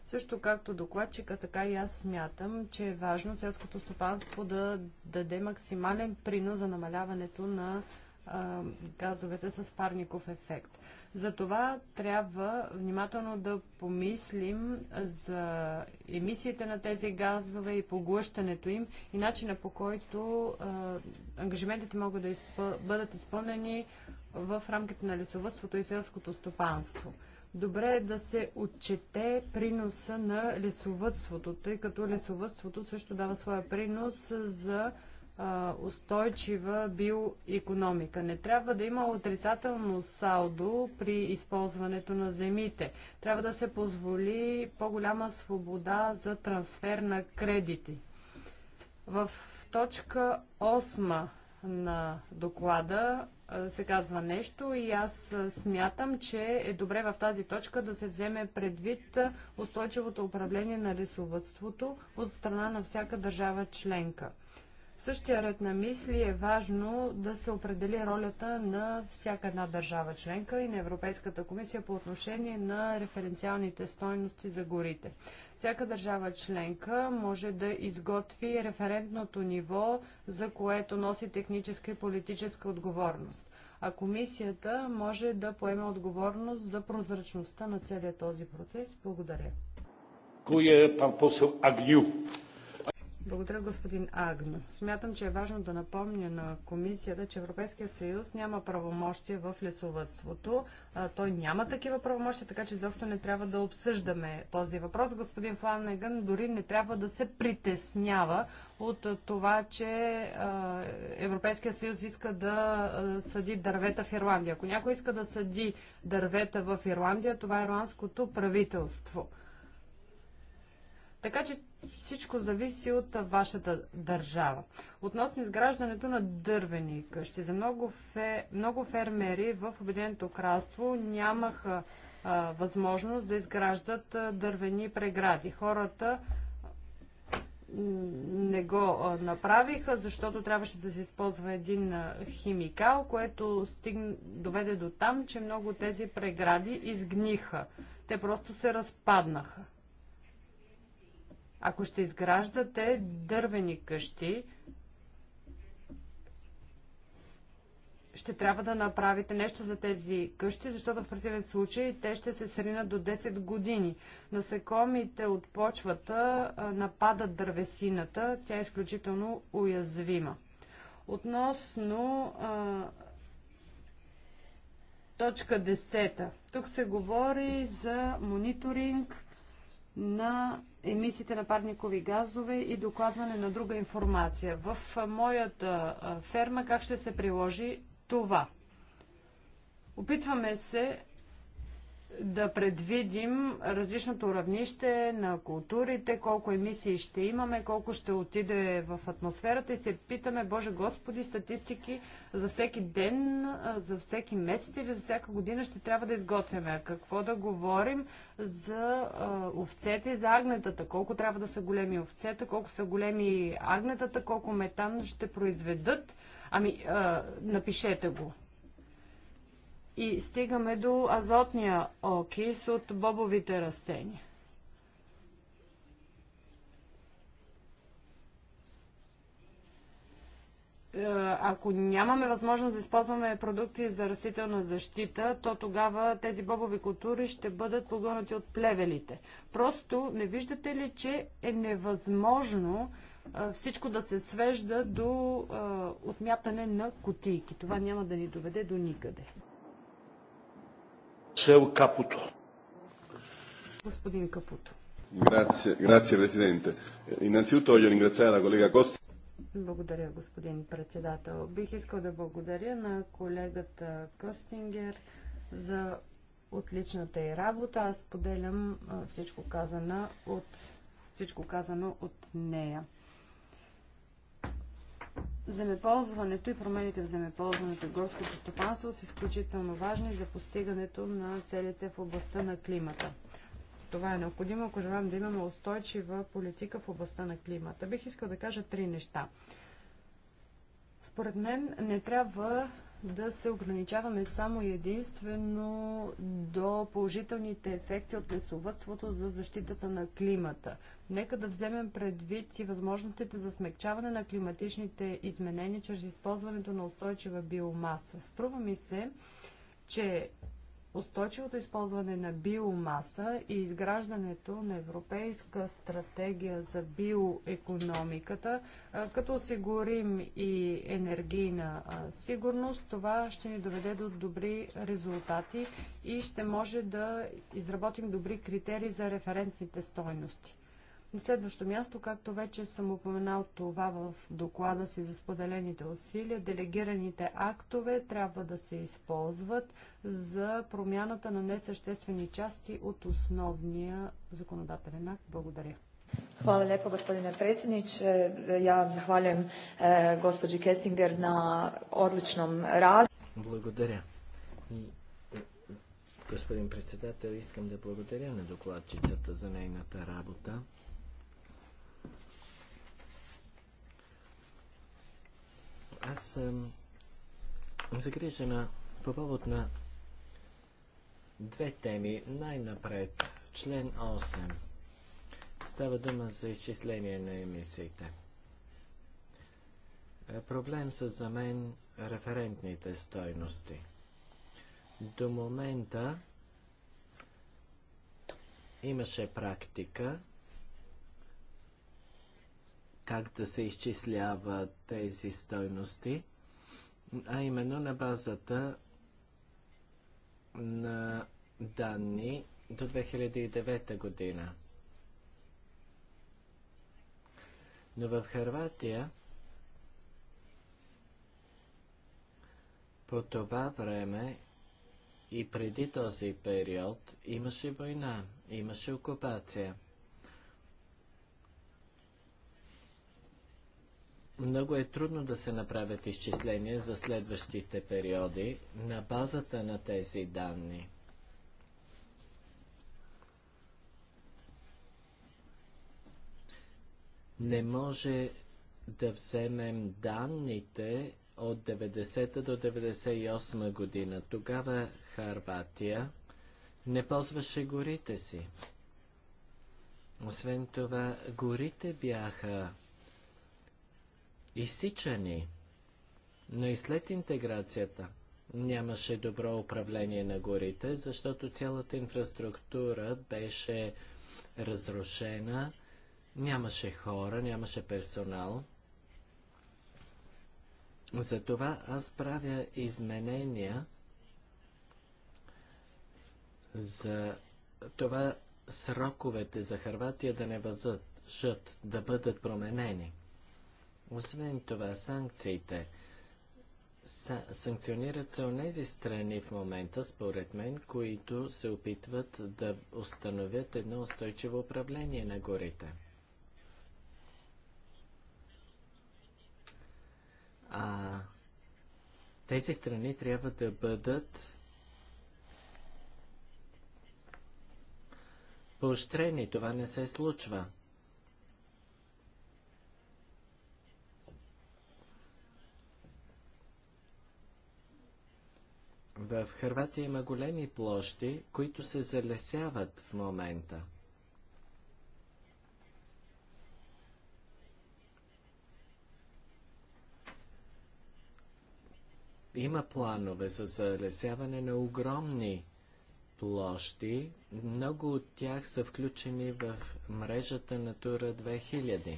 Също както докладчика, така и аз смятам, че е важно селското стопанство да даде максимален принос за намаляването на а, газовете с парников ефект. Затова трябва внимателно да помислим за емисиите на тези газове и поглъщането им и начина по който а, ангажиментите могат да изпъл... бъдат изпълнени в рамките на лесовътството и селското стопанство. Добре е да се отчете приноса на лесовътството, тъй като лесовътството също дава своя принос за устойчива биоекономика. Не трябва да има отрицателно салдо при използването на земите. Трябва да се позволи по-голяма свобода за трансфер на кредити. В точка 8 на доклада се казва нещо и аз смятам, че е добре в тази точка да се вземе предвид устойчивото управление на ресовътството от страна на всяка държава членка същия ред на мисли е важно да се определи ролята на всяка една държава членка и на Европейската комисия по отношение на референциалните стойности за горите. Всяка държава членка може да изготви референтното ниво, за което носи техническа и политическа отговорност. А комисията може да поеме отговорност за прозрачността на целият този процес. Благодаря. Кой е пан посел Агню? Благодаря, господин Агно. Смятам, че е важно да напомня на комисията, че Европейския съюз няма правомощия в лесовътството. Той няма такива правомощия, така че изобщо не трябва да обсъждаме този въпрос. Господин Фланеган дори не трябва да се притеснява от това, че Европейския съюз иска да съди дървета в Ирландия. Ако някой иска да съди дървета в Ирландия, това е ирландското правителство. Така че всичко зависи от вашата държава. Относно изграждането на дървени къщи, за много, фе, много фермери в Обединеното кралство нямаха а, възможност да изграждат а, дървени прегради. Хората не го направиха, защото трябваше да се използва един химикал, което стиг... доведе до там, че много тези прегради изгниха. Те просто се разпаднаха. Ако ще изграждате дървени къщи, ще трябва да направите нещо за тези къщи, защото в противен случай те ще се сринат до 10 години. Насекомите от почвата нападат дървесината, тя е изключително уязвима. Относно а, точка 10. Тук се говори за мониторинг на емисиите на парникови газове и докладване на друга информация. В моята ферма как ще се приложи това? Опитваме се да предвидим различното равнище на културите, колко емисии ще имаме, колко ще отиде в атмосферата и се питаме, Боже Господи, статистики за всеки ден, за всеки месец или за всяка година ще трябва да изготвяме. какво да говорим за овцете и за агнетата? Колко трябва да са големи овцета, колко са големи агнетата, колко метан ще произведат? Ами, а, напишете го. И стигаме до азотния окис от бобовите растения. Е, ако нямаме възможност да използваме продукти за растителна защита, то тогава тези бобови култури ще бъдат погонати от плевелите. Просто не виждате ли, че е невъзможно е, всичко да се свежда до е, отмятане на кутийки. Това няма да ни доведе до никъде. Сел Капуто. Господин Капуто. Grazie, grazie Presidente. Innanzitutto voglio ringraziare la collega Costa. Благодаря, господин председател. Бих искал да благодаря на колегата Костингер за отличната й работа. Аз поделям всичко казано от, всичко казано от нея. Земеползването и промените в земеползването и горското стопанство са изключително важни за постигането на целите в областта на климата. Това е необходимо, ако желаем да имаме устойчива политика в областта на климата. Бих искал да кажа три неща. Според мен не трябва да се ограничаваме само и единствено до положителните ефекти от лесовътството за защитата на климата. Нека да вземем предвид и възможностите за смягчаване на климатичните изменения чрез използването на устойчива биомаса. Струва ми се, че устойчивото използване на биомаса и изграждането на европейска стратегия за биоекономиката, като осигурим и енергийна сигурност, това ще ни доведе до добри резултати и ще може да изработим добри критерии за референтните стойности. На следващо място, както вече съм упоменал това в доклада си за споделените усилия, делегираните актове трябва да се използват за промяната на несъществени части от основния законодателен акт. Благодаря. Hvala lijepo gospodine predsjedniče. Ja zahvaljujem e, gospođi Kestinger na odličnom radu. Благодаря. И, е, господин председател, искам да благодаря на докладчицата за нейната работа. Аз съм загрижена по повод на две теми. Най-напред, член 8. Става дума за изчисление на емисиите. Е, проблем са за мен референтните стойности. До момента имаше практика как да се изчисляват тези стойности, а именно на базата на данни до 2009 година. Но в Харватия по това време и преди този период имаше война, имаше окупация – много е трудно да се направят изчисления за следващите периоди на базата на тези данни. Не може да вземем данните от 90-та до 98 година. Тогава Харватия не ползваше горите си. Освен това, горите бяха изсичани. Но и след интеграцията нямаше добро управление на горите, защото цялата инфраструктура беше разрушена, нямаше хора, нямаше персонал. Затова аз правя изменения за това сроковете за Харватия да не възжат, да бъдат променени. Освен това, санкциите са, санкционират се тези страни в момента, според мен, които се опитват да установят едно устойчиво управление на горите. А тези страни трябва да бъдат поощрени. Това не се случва. В Харватия има големи площи, които се залесяват в момента. Има планове за залесяване на огромни площи. Много от тях са включени в мрежата Натура 2000.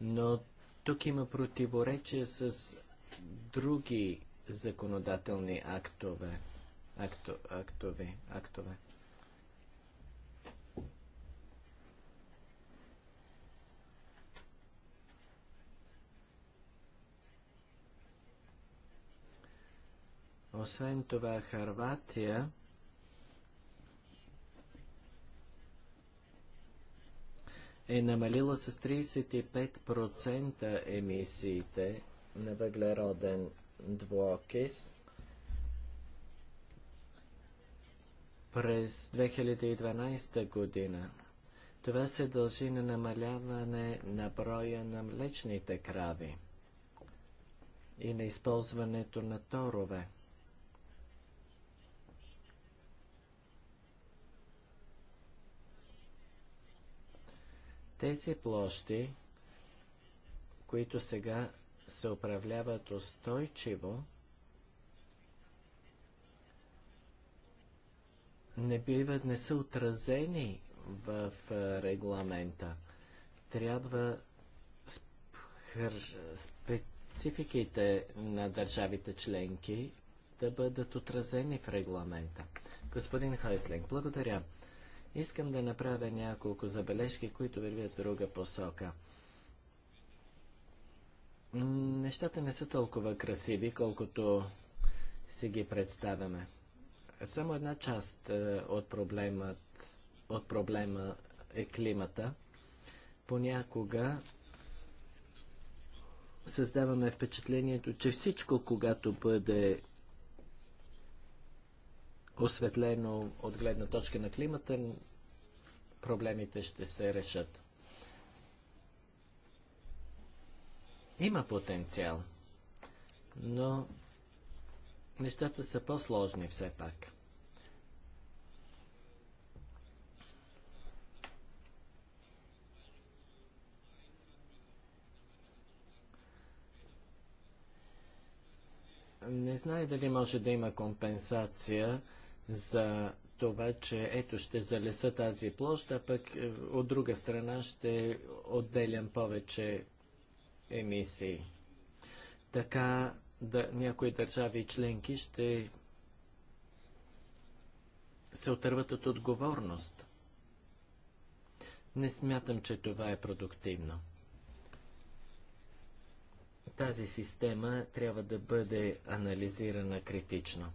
Но тук има противоречие с други законодателни актове. Акто, актове, актове. Освен това, Харватия е намалила с 35% емисиите на въглероден През 2012 година това се дължи на намаляване на броя на млечните крави и на използването на торове. Тези площи, които сега се управляват устойчиво, не биват, не са отразени в регламента. Трябва спецификите на държавите членки да бъдат отразени в регламента. Господин Хайслинг, благодаря. Искам да направя няколко забележки, които вървят в друга посока – нещата не са толкова красиви, колкото си ги представяме. Само една част е, от, проблемът, от проблема е климата. Понякога създаваме впечатлението, че всичко, когато бъде осветлено от гледна точка на климата, проблемите ще се решат. Има потенциал, но нещата са по-сложни все пак. Не знае дали може да има компенсация за това, че ето ще залеса тази площ, а пък е, от друга страна ще отделям повече емисии. Така да, някои държави и членки ще се отърват от отговорност. Не смятам, че това е продуктивно. Тази система трябва да бъде анализирана критично.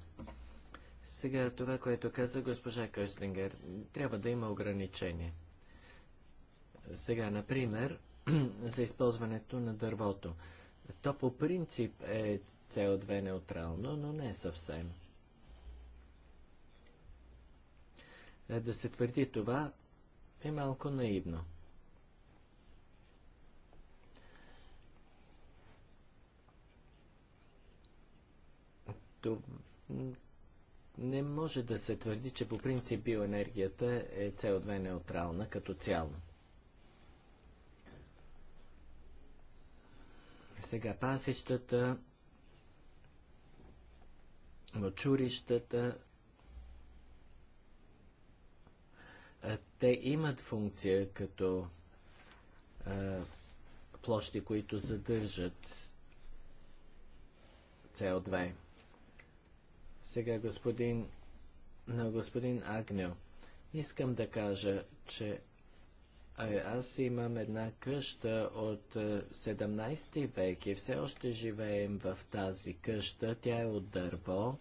Сега това, което каза госпожа Кюстингер, трябва да има ограничение. Сега, например, за използването на дървото. То по принцип е CO2 неутрално, но не е съвсем. Е, да се твърди това е малко наивно. не може да се твърди, че по принцип биоенергията е CO2 неутрална като цяло. Сега пасищата, мочурищата, те имат функция като а, площи, които задържат CO2. Сега господин, на господин Агнел искам да кажа, че аз имам една къща от 17 е, век и все още живеем в тази къща. Тя е от дърво.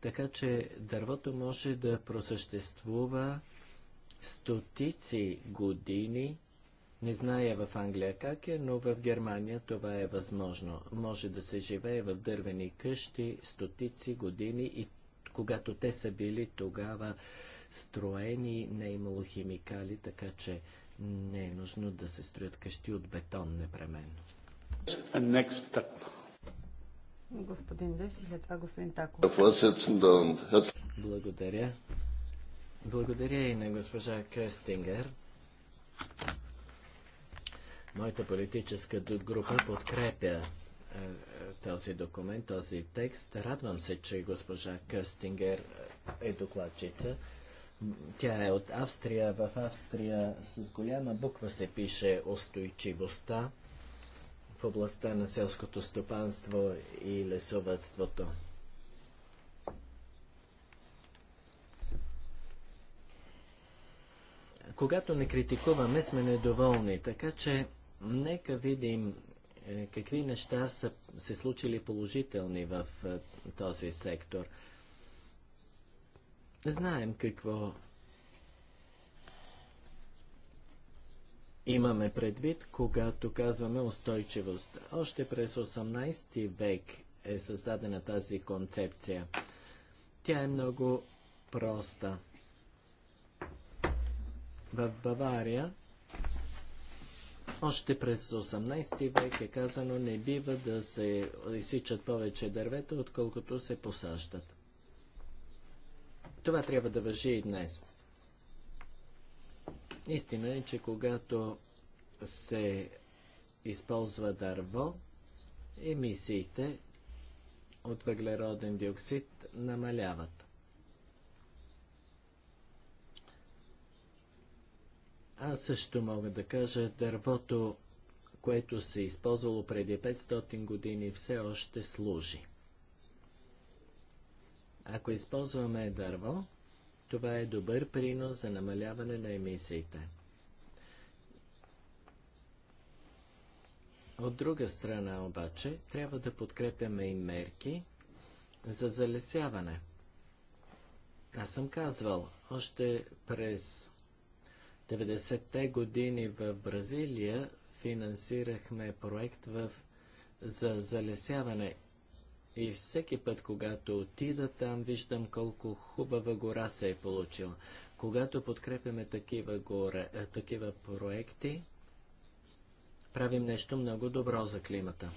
Така че дървото може да просъществува стотици години. Не зная в Англия как е, но в Германия това е възможно. Може да се живее в дървени къщи стотици години и когато те са били тогава строени, не е имало химикали, така че не е нужно да се строят къщи от бетон непременно. Господин Дес след това господин Таков. Благодаря. Благодаря и на госпожа Кестингер. Моята политическа група подкрепя е, е, този документ, този текст. Радвам се, че госпожа Кърстингер е, е докладчица. Тя е от Австрия. В Австрия с голяма буква се пише устойчивостта в областта на селското стопанство и лесовътството. Когато не критикуваме, сме недоволни, така че нека видим е, какви неща са се случили положителни в е, този сектор – Знаем какво имаме предвид, когато казваме устойчивост. Още през 18 век е създадена тази концепция. Тя е много проста. В Бавария още през 18 век е казано не бива да се изсичат повече дървета, отколкото се посаждат. Това трябва да въжи и днес. Истина е, че когато се използва дърво, емисиите от въглероден диоксид намаляват. Аз също мога да кажа, дървото, което се използвало преди 500 години, все още служи. Ако използваме дърво, това е добър принос за намаляване на емисиите. От друга страна обаче, трябва да подкрепяме и мерки за залесяване. Аз съм казвал, още през 90-те години в Бразилия финансирахме проект в, за залесяване и всеки път, когато отида там, виждам колко хубава гора се е получила. Когато подкрепяме такива, горе, е, такива проекти, правим нещо много добро за климата.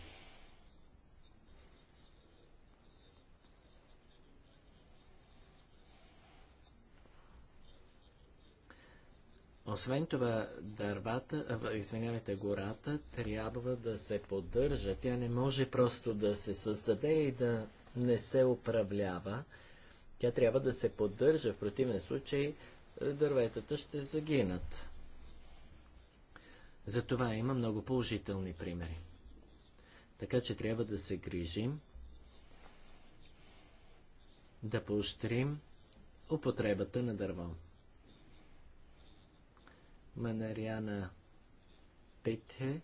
Освен това, дървата, извинявайте, гората трябва да се поддържа. Тя не може просто да се създаде и да не се управлява. Тя трябва да се поддържа. В противен случай е, дърветата ще загинат. За това има много положителни примери. Така че трябва да се грижим, да поощрим употребата на дърво. Манариана Петхе.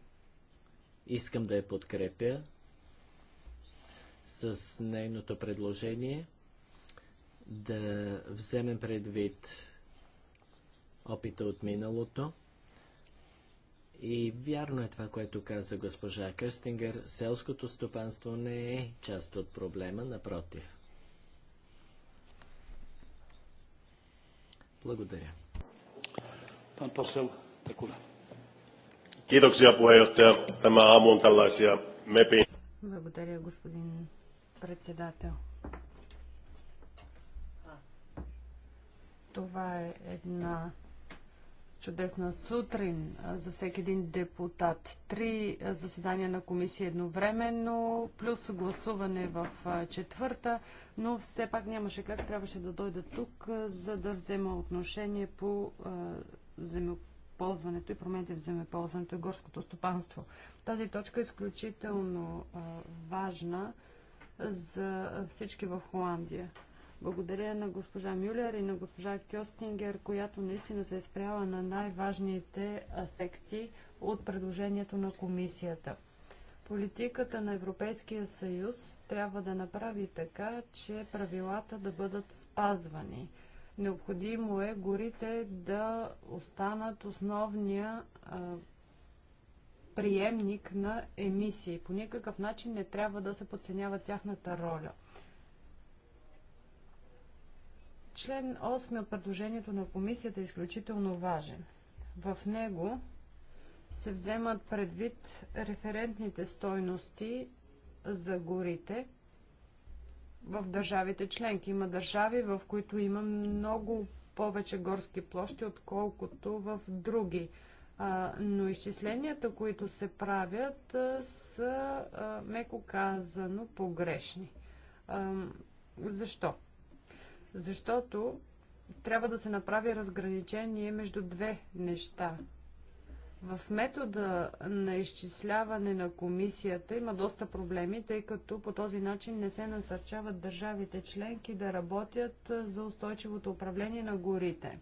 Искам да я подкрепя с нейното предложение да вземем предвид опита от миналото. И вярно е това, което каза госпожа Кърстингер, селското стопанство не е част от проблема, напротив. Благодаря. Pan poseł Kiitoksia puheenjohtaja. Tämä aamu on tällaisia MEPin. Благодаря, господин председател. Това е една чудесна сутрин за всеки един депутат. Три заседания на комисия едновременно, плюс гласуване в четвърта, но все пак нямаше как трябваше да дойда тук, за да взема отношение по земеползването и промените в земеползването и горското стопанство. Тази точка е изключително а, важна за всички в Холандия. Благодаря на госпожа Мюлер и на госпожа Кьостингер, която наистина се е спряла на най-важните асекти от предложението на комисията. Политиката на Европейския съюз трябва да направи така, че правилата да бъдат спазвани – Необходимо е горите да останат основния а, приемник на емисии. По никакъв начин не трябва да се подценява тяхната роля. Член 8 от предложението на комисията е изключително важен. В него се вземат предвид референтните стойности за горите – в държавите членки. Има държави, в които има много повече горски площи, отколкото в други. Но изчисленията, които се правят, са, меко казано, погрешни. Защо? Защото трябва да се направи разграничение между две неща. В метода на изчисляване на комисията има доста проблеми, тъй като по този начин не се насърчават държавите членки да работят за устойчивото управление на горите.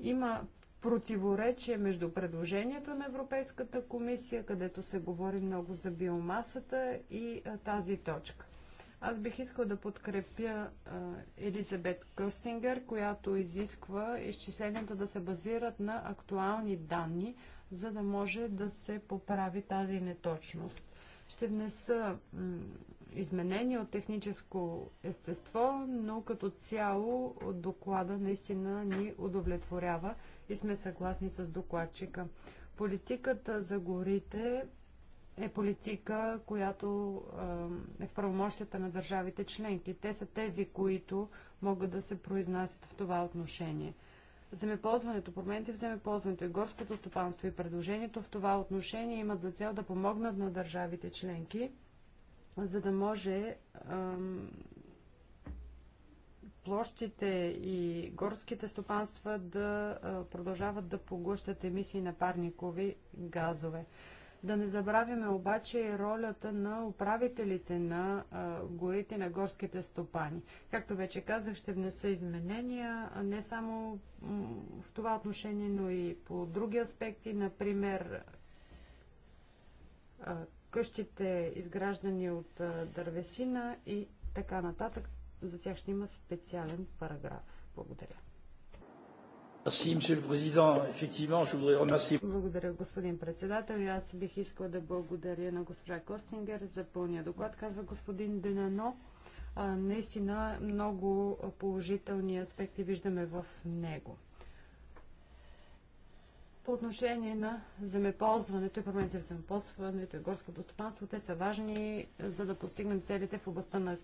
Има противоречие между предложението на Европейската комисия, където се говори много за биомасата и тази точка. Аз бих искал да подкрепя Елизабет Кърстингер, която изисква изчисленията да се базират на актуални данни, за да може да се поправи тази неточност. Ще внеса изменения от техническо естество, но като цяло от доклада наистина ни удовлетворява и сме съгласни с докладчика. Политиката за горите е политика, която е в правомощията на държавите членки. Те са тези, които могат да се произнасят в това отношение. Земеползването, промените в земеползването и горското стопанство и предложението в това отношение имат за цел да помогнат на държавите членки, за да може площите и горските стопанства да продължават да поглъщат емисии на парникови газове. Да не забравяме обаче и ролята на управителите на горите, на горските стопани. Както вече казах, ще внеса изменения не само в това отношение, но и по други аспекти, например къщите, изграждани от дървесина и така нататък. За тях ще има специален параграф. Благодаря. Благодаря, господин председател. И аз бих искал да благодаря на госпожа Костингер за пълния доклад, казва господин Денано. Наистина много положителни аспекти виждаме в него. По отношение на земеползването и промените в земеползването и горското стопанство, те са важни, за да постигнем целите в областта на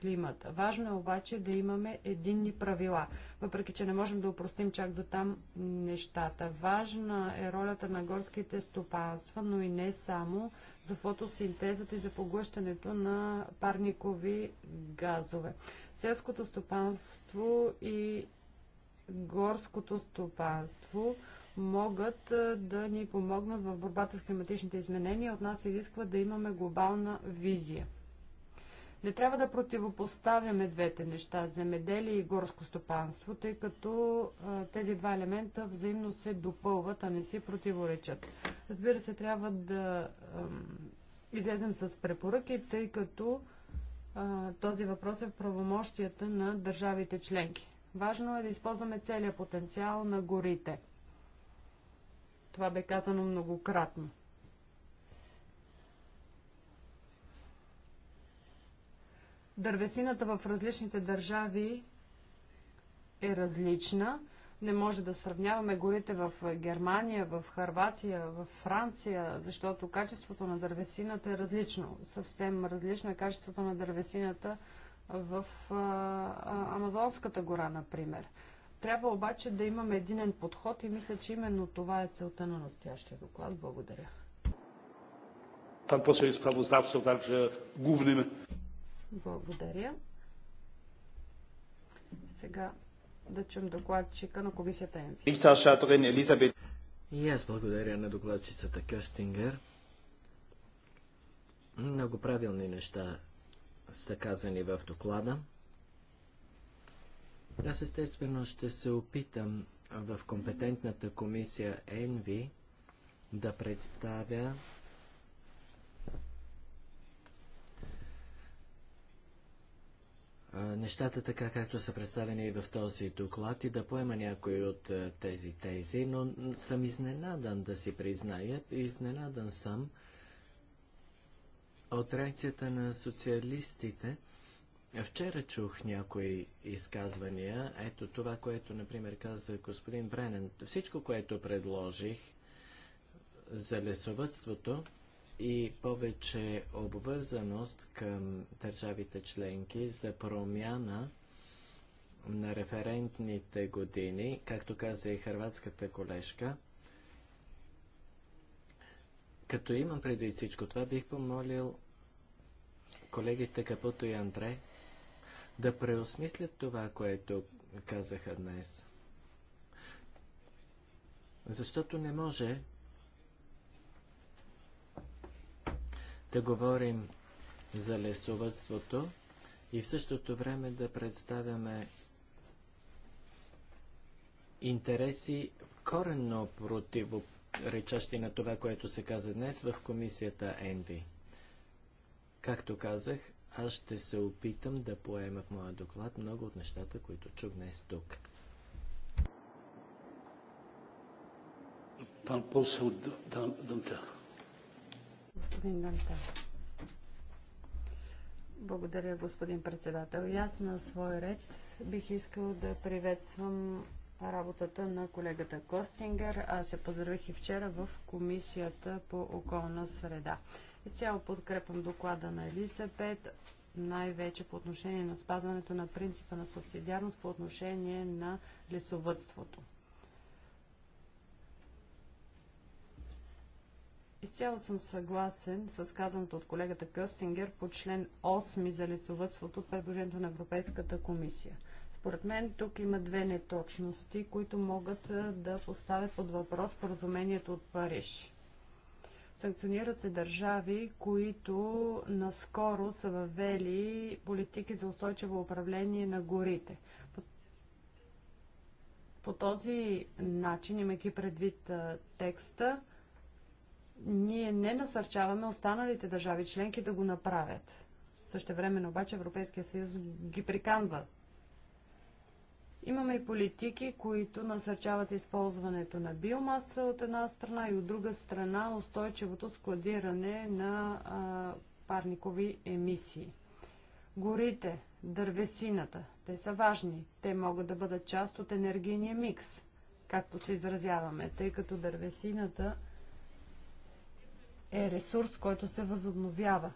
климата. Важно е обаче да имаме единни правила, въпреки че не можем да упростим чак до там нещата. Важна е ролята на горските стопанства, но и не само за фотосинтезата и за поглъщането на парникови газове. Селското стопанство и горското стопанство могат да ни помогнат в борбата с климатичните изменения. От нас изисква да имаме глобална визия. Не трябва да противопоставяме двете неща земеделие и горско стопанство, тъй като а, тези два елемента взаимно се допълват, а не си противоречат. Разбира се, трябва да а, излезем с препоръки, тъй като а, този въпрос е в правомощията на държавите членки. Важно е да използваме целият потенциал на горите. Това бе казано многократно. Дървесината в различните държави е различна. Не може да сравняваме горите в Германия, в Харватия, в Франция, защото качеството на дървесината е различно. Съвсем различно е качеството на дървесината в а, а, Амазонската гора, например. Трябва обаче да имаме единен подход и мисля, че именно това е целта на настоящия доклад. Благодаря. Pan poseł jest sprawozdawcą, także głównym. Благодаря. Сега да чум докладчика на комисията Елизабет. И аз благодаря на докладчицата Кьостингер. Много правилни неща са казани в доклада. Аз естествено ще се опитам в компетентната комисия ЕНВИ да представя нещата така, както са представени и в този доклад и да поема някои от тези тези, но съм изненадан да си признаят. Изненадан съм от реакцията на социалистите. Вчера чух някои изказвания. Ето това, което, например, каза господин Бренен. Всичко, което предложих за лесовътството, и повече обвързаност към държавите членки за промяна на референтните години, както каза и хрватската колежка. Като имам преди всичко това, бих помолил колегите Капото и Андре да преосмислят това, което казаха днес. Защото не може да говорим за лесовътството и в същото време да представяме интереси коренно противоречащи на това, което се каза днес в комисията ЕНВИ. Както казах, аз ще се опитам да поема в моя доклад много от нещата, които чух днес тук. Пан дам, дам господин Данта. Благодаря, господин председател. И аз на свой ред бих искал да приветствам работата на колегата Костингер. Аз се поздравих и вчера в Комисията по околна среда. И цяло подкрепям доклада на Елисабет, най-вече по отношение на спазването на принципа на субсидиарност по отношение на лесовътството. Изцяло съм съгласен с казаното от колегата Кьостингер по член 8 за лесовътството предложението на Европейската комисия. Според мен тук има две неточности, които могат да поставят под въпрос поразумението от Париж. Санкционират се държави, които наскоро са въвели политики за устойчиво управление на горите. По, този начин, имайки предвид текста, ние не насърчаваме останалите държави членки да го направят. Също време обаче Европейския съюз ги приканва. Имаме и политики, които насърчават използването на биомаса от една страна и от друга страна устойчивото складиране на а, парникови емисии. Горите, дървесината, те са важни. Те могат да бъдат част от енергийния микс, както се изразяваме, тъй като дървесината – е ресурс, който се възобновява.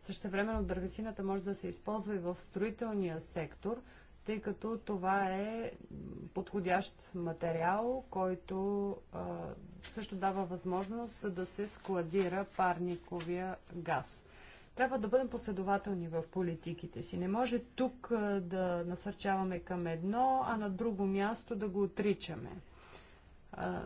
Същевременно дървесината може да се използва и в строителния сектор, тъй като това е подходящ материал, който а, също дава възможност да се складира парниковия газ. Трябва да бъдем последователни в политиките си. Не може тук да насърчаваме към едно, а на друго място да го отричаме. А,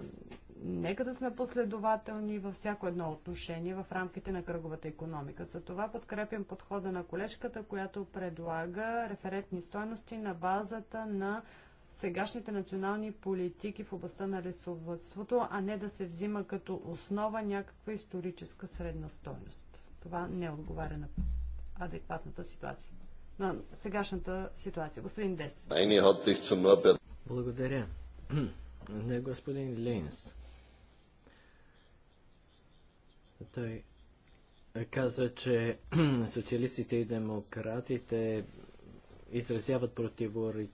Нека да сме последователни във всяко едно отношение в рамките на кръговата економика. За това подкрепям подхода на колежката, която предлага референтни стойности на базата на сегашните национални политики в областта на лесовътството, а не да се взима като основа някаква историческа средна стойност. Това не отговаря на адекватната ситуация. На сегашната ситуация. Господин Дес. Благодаря. Не, господин Лейнс. Той каза, че социалистите и демократите изразяват противори...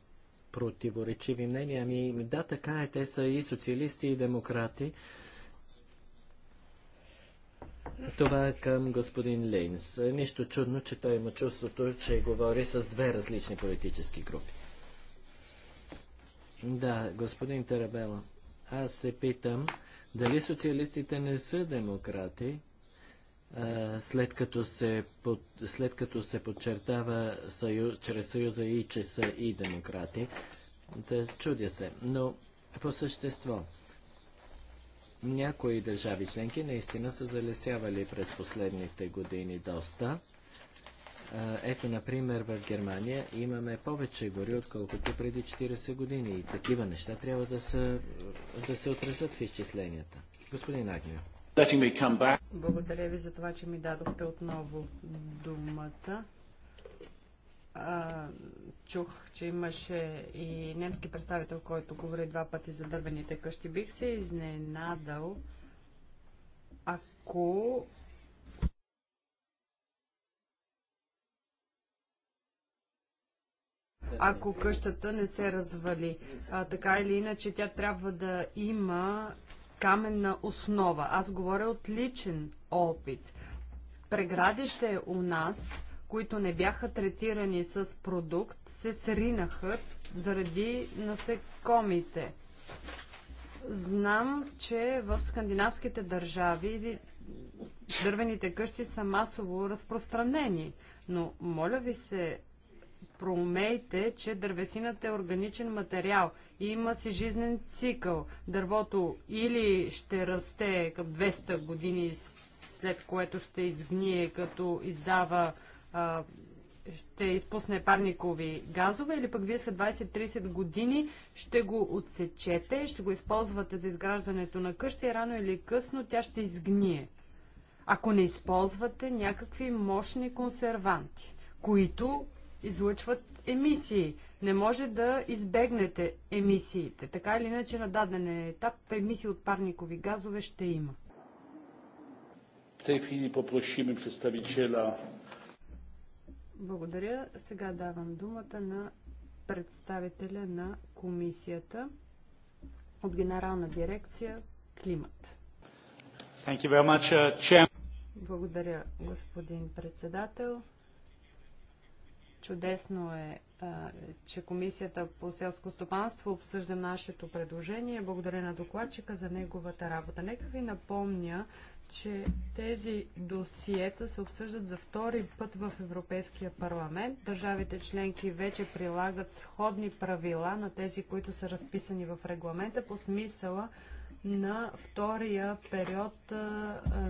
противоречиви мнения. Ами да, така е. Те са и социалисти, и демократи. Това е към господин Лейнс. Нищо чудно, че той има чувството, че говори с две различни политически групи. Да, господин Тарабела, аз се питам дали социалистите не са демократи, след като се, под, след като се подчертава съюз, чрез Съюза и че са и демократи, да чудя се. Но по същество, някои държави членки наистина са залесявали през последните години доста. Ето, например, в Германия имаме повече гори, отколкото преди 40 години. И такива неща трябва да, се, да се отразят в изчисленията. Господин Агнио. Благодаря ви за това, че ми дадохте отново думата. А, чух, че имаше и немски представител, който говори два пъти за дървените къщи. Бих се изненадал, ако ако къщата не се развали. А, така или иначе, тя трябва да има каменна основа. Аз говоря от личен опит. Преградите у нас, които не бяха третирани с продукт, се сринаха заради насекомите. Знам, че в скандинавските държави дървените къщи са масово разпространени, но моля ви се, проумейте, че дървесината е органичен материал и има си жизнен цикъл. Дървото или ще расте към 200 години, след което ще изгние, като издава, а, ще изпусне парникови газове, или пък вие след 20-30 години ще го отсечете, ще го използвате за изграждането на къща и рано или късно тя ще изгние. Ако не използвате някакви мощни консерванти които излъчват емисии. Не може да избегнете емисиите. Така или иначе на даден етап емисии от парникови газове ще има. В Благодаря. Сега давам думата на представителя на комисията от Генерална дирекция Климат. Uh, Благодаря, господин председател. Чудесно е, че Комисията по селско стопанство обсъжда нашето предложение. Благодаря на докладчика за неговата работа. Нека ви напомня, че тези досиета се обсъждат за втори път в Европейския парламент. Държавите членки вече прилагат сходни правила на тези, които са разписани в регламента по смисъла на втория период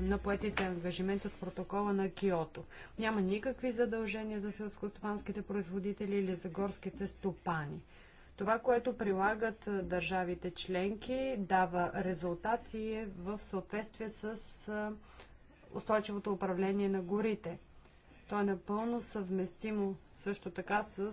на поетите ангажименти от протокола на Киото. Няма никакви задължения за селскостопанските производители или за горските стопани. Това, което прилагат държавите членки, дава резултати е в съответствие с устойчивото управление на горите – то е напълно съвместимо също така с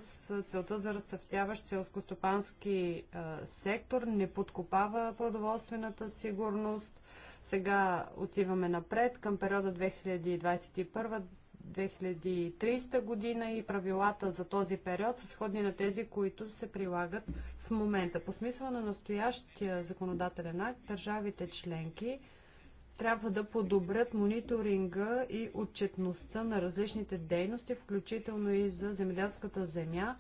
целта за разцъфтяващ селскостопански сектор, не подкопава продоволствената сигурност. Сега отиваме напред към периода 2021-2030 година и правилата за този период са сходни на тези, които се прилагат в момента. По смисъл на настоящия законодателен акт, държавите членки – трябва да подобрят мониторинга и отчетността на различните дейности, включително и за земеделската земя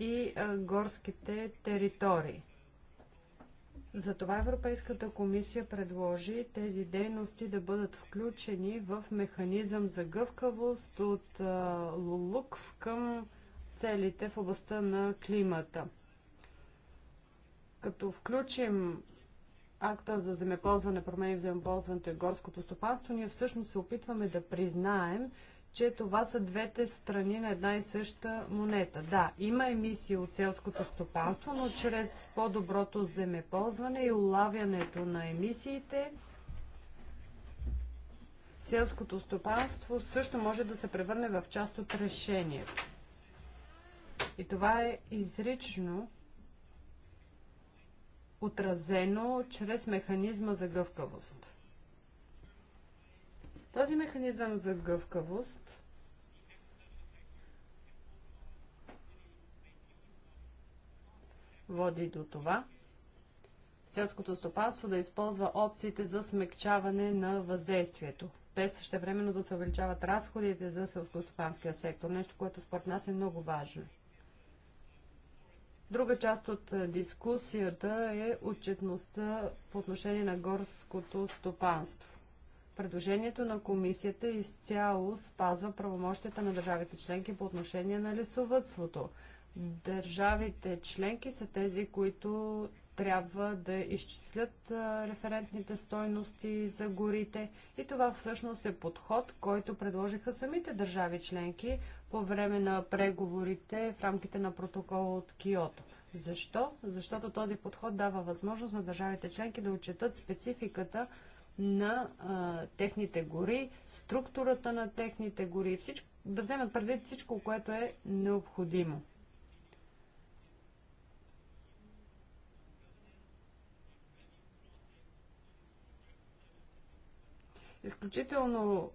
и горските територии. Затова Европейската комисия предложи тези дейности да бъдат включени в механизъм за гъвкавост от лук към целите в областта на климата. Като включим акта за земеползване, промени в земеползването и горското стопанство, ние всъщност се опитваме да признаем, че това са двете страни на една и съща монета. Да, има емисии от селското стопанство, но чрез по-доброто земеползване и улавянето на емисиите, селското стопанство също може да се превърне в част от решението. И това е изрично отразено чрез механизма за гъвкавост. Този механизъм за гъвкавост води до това селското стопанство да използва опциите за смекчаване на въздействието, Те също времено да се увеличават разходите за селскостопанския сектор, нещо, което според нас е много важно. Друга част от е, дискусията е отчетността по отношение на горското стопанство. Предложението на комисията изцяло спазва правомощията на държавите членки по отношение на лесовътството. Държавите членки са тези, които трябва да изчислят е, референтните стойности за горите. И това всъщност е подход, който предложиха самите държави членки по време на преговорите в рамките на протокола от Киото. Защо? Защото този подход дава възможност на държавите членки да отчетат спецификата на а, техните гори, структурата на техните гори, всичко, да вземат предвид всичко, което е необходимо. Изключително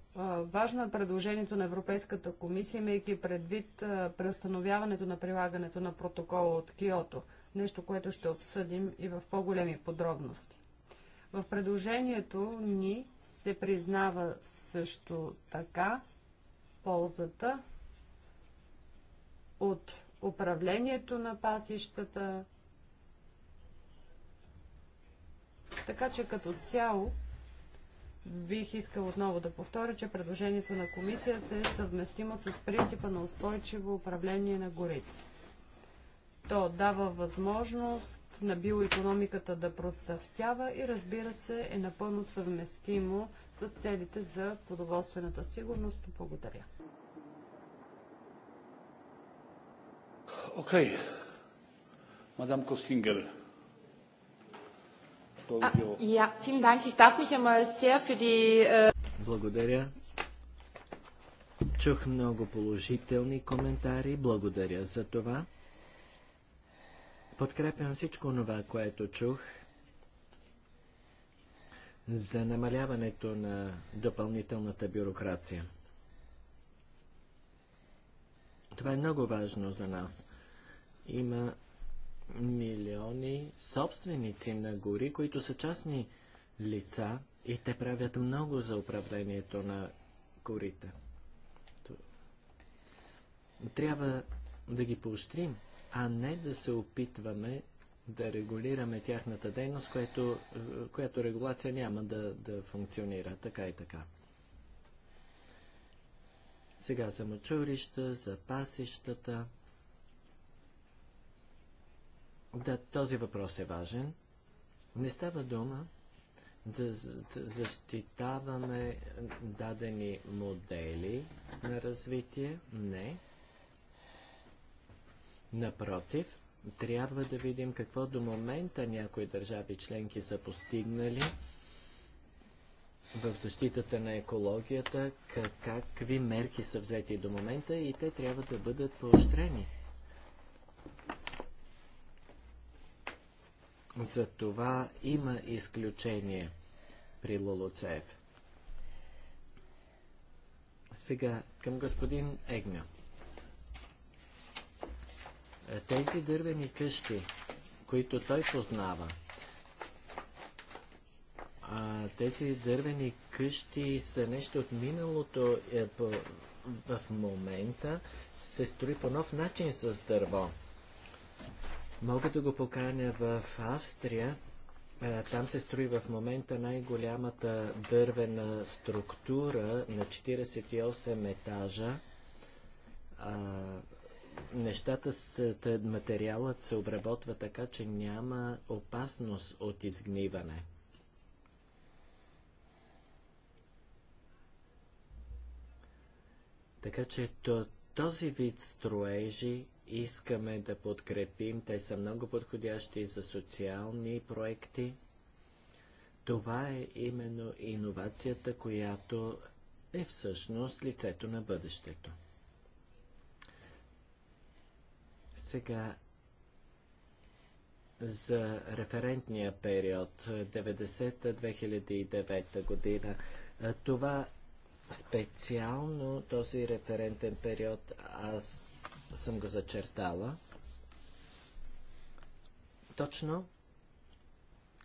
важно е предложението на Европейската комисия, имайки предвид преустановяването на прилагането на протокола от Киото. Нещо, което ще обсъдим и в по-големи подробности. В предложението ни се признава също така ползата от управлението на пасищата. Така че като цяло Бих искал отново да повторя, че предложението на комисията е съвместимо с принципа на устойчиво управление на горите. То дава възможност на биоекономиката да процъфтява и разбира се е напълно съвместимо с целите за продоволствената сигурност. Благодаря. Окей. Okay. Мадам Костингер. Е, Благодаря. Чух много положителни коментари. Благодаря за това. Подкрепям всичко това, което чух за намаляването на допълнителната бюрокрация. Това е много важно за нас. Има милиони собственици на гори, които са частни лица и те правят много за управлението на горите. Трябва да ги поощрим, а не да се опитваме да регулираме тяхната дейност, което, която регулация няма да, да функционира така и така. Сега за мачурища, за пасищата. Да, този въпрос е важен. Не става дума да защитаваме дадени модели на развитие. Не. Напротив, трябва да видим какво до момента някои държави членки са постигнали в защитата на екологията, какви мерки са взети до момента и те трябва да бъдат поощрени. За това има изключение при Лолоцев. Сега към господин Егня. Е, тези дървени къщи, които той познава, а, тези дървени къщи са нещо от миналото. Е, по, в момента се строи по нов начин с дърво. Мога да го поканя в Австрия. Е, там се строи в момента най-голямата дървена структура на 48 етажа. нещата с материалът се обработва така, че няма опасност от изгниване. Така че този вид строежи искаме да подкрепим. Те са много подходящи за социални проекти. Това е именно иновацията, която е всъщност лицето на бъдещето. Сега за референтния период 90-2009 година. Това специално този референтен период аз съм го зачертала. Точно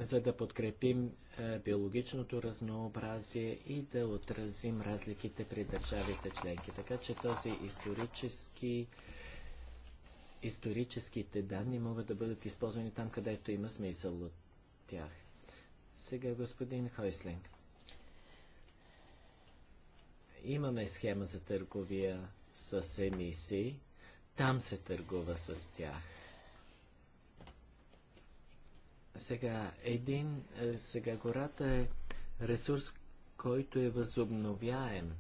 за да подкрепим е, биологичното разнообразие и да отразим разликите при държавите членки. Така че този исторически историческите данни могат да бъдат използвани там, където има смисъл от тях. Сега господин Хойслинг. Имаме схема за търговия с емисии. Там се търгува с тях. Сега, един, е, сега гората е ресурс, който е възобновяем.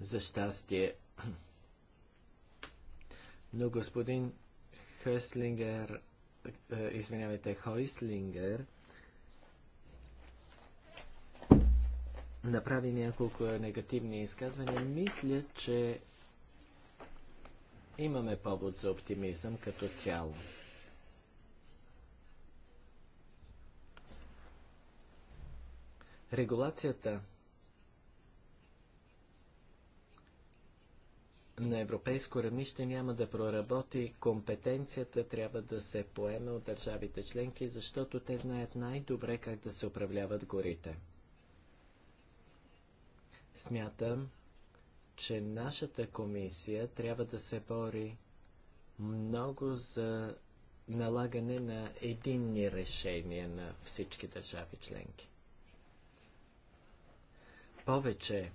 За щастие. Но господин Хъслингер, е, извинявайте, Хойслингер, направи няколко негативни изказвания, мисля, че имаме повод за оптимизъм като цяло. Регулацията на европейско равнище няма да проработи. Компетенцията трябва да се поеме от държавите членки, защото те знаят най-добре как да се управляват горите. Смятам, че нашата комисия трябва да се бори много за налагане на единни решения на всички държави членки. Повече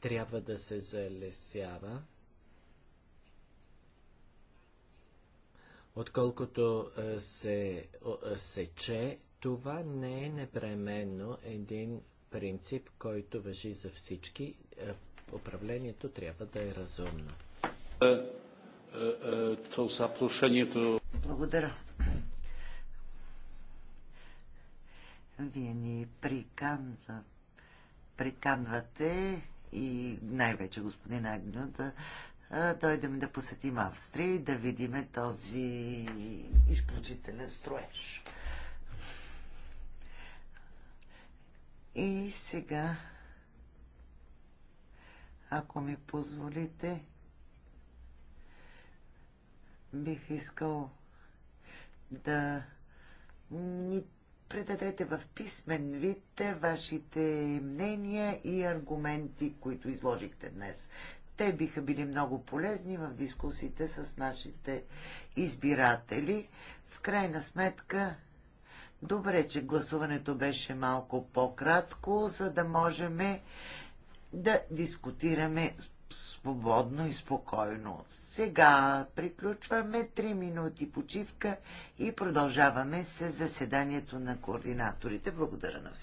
трябва да се залесява, отколкото се сече, това не е непременно един принцип, който въжи за всички. Е, управлението трябва да е разумно. Е, е, то заплушението. Благодаря. Вие ни приканва, приканвате и най-вече господин Агню да дойдем да посетим Австрия и да видим този изключителен строеж. И сега, ако ми позволите, бих искал да ни предадете в писмен вид вашите мнения и аргументи, които изложихте днес. Те биха били много полезни в дискусиите с нашите избиратели. В крайна сметка, Добре, че гласуването беше малко по-кратко, за да можем да дискутираме свободно и спокойно. Сега приключваме 3 минути почивка и продължаваме с заседанието на координаторите. Благодаря на всички.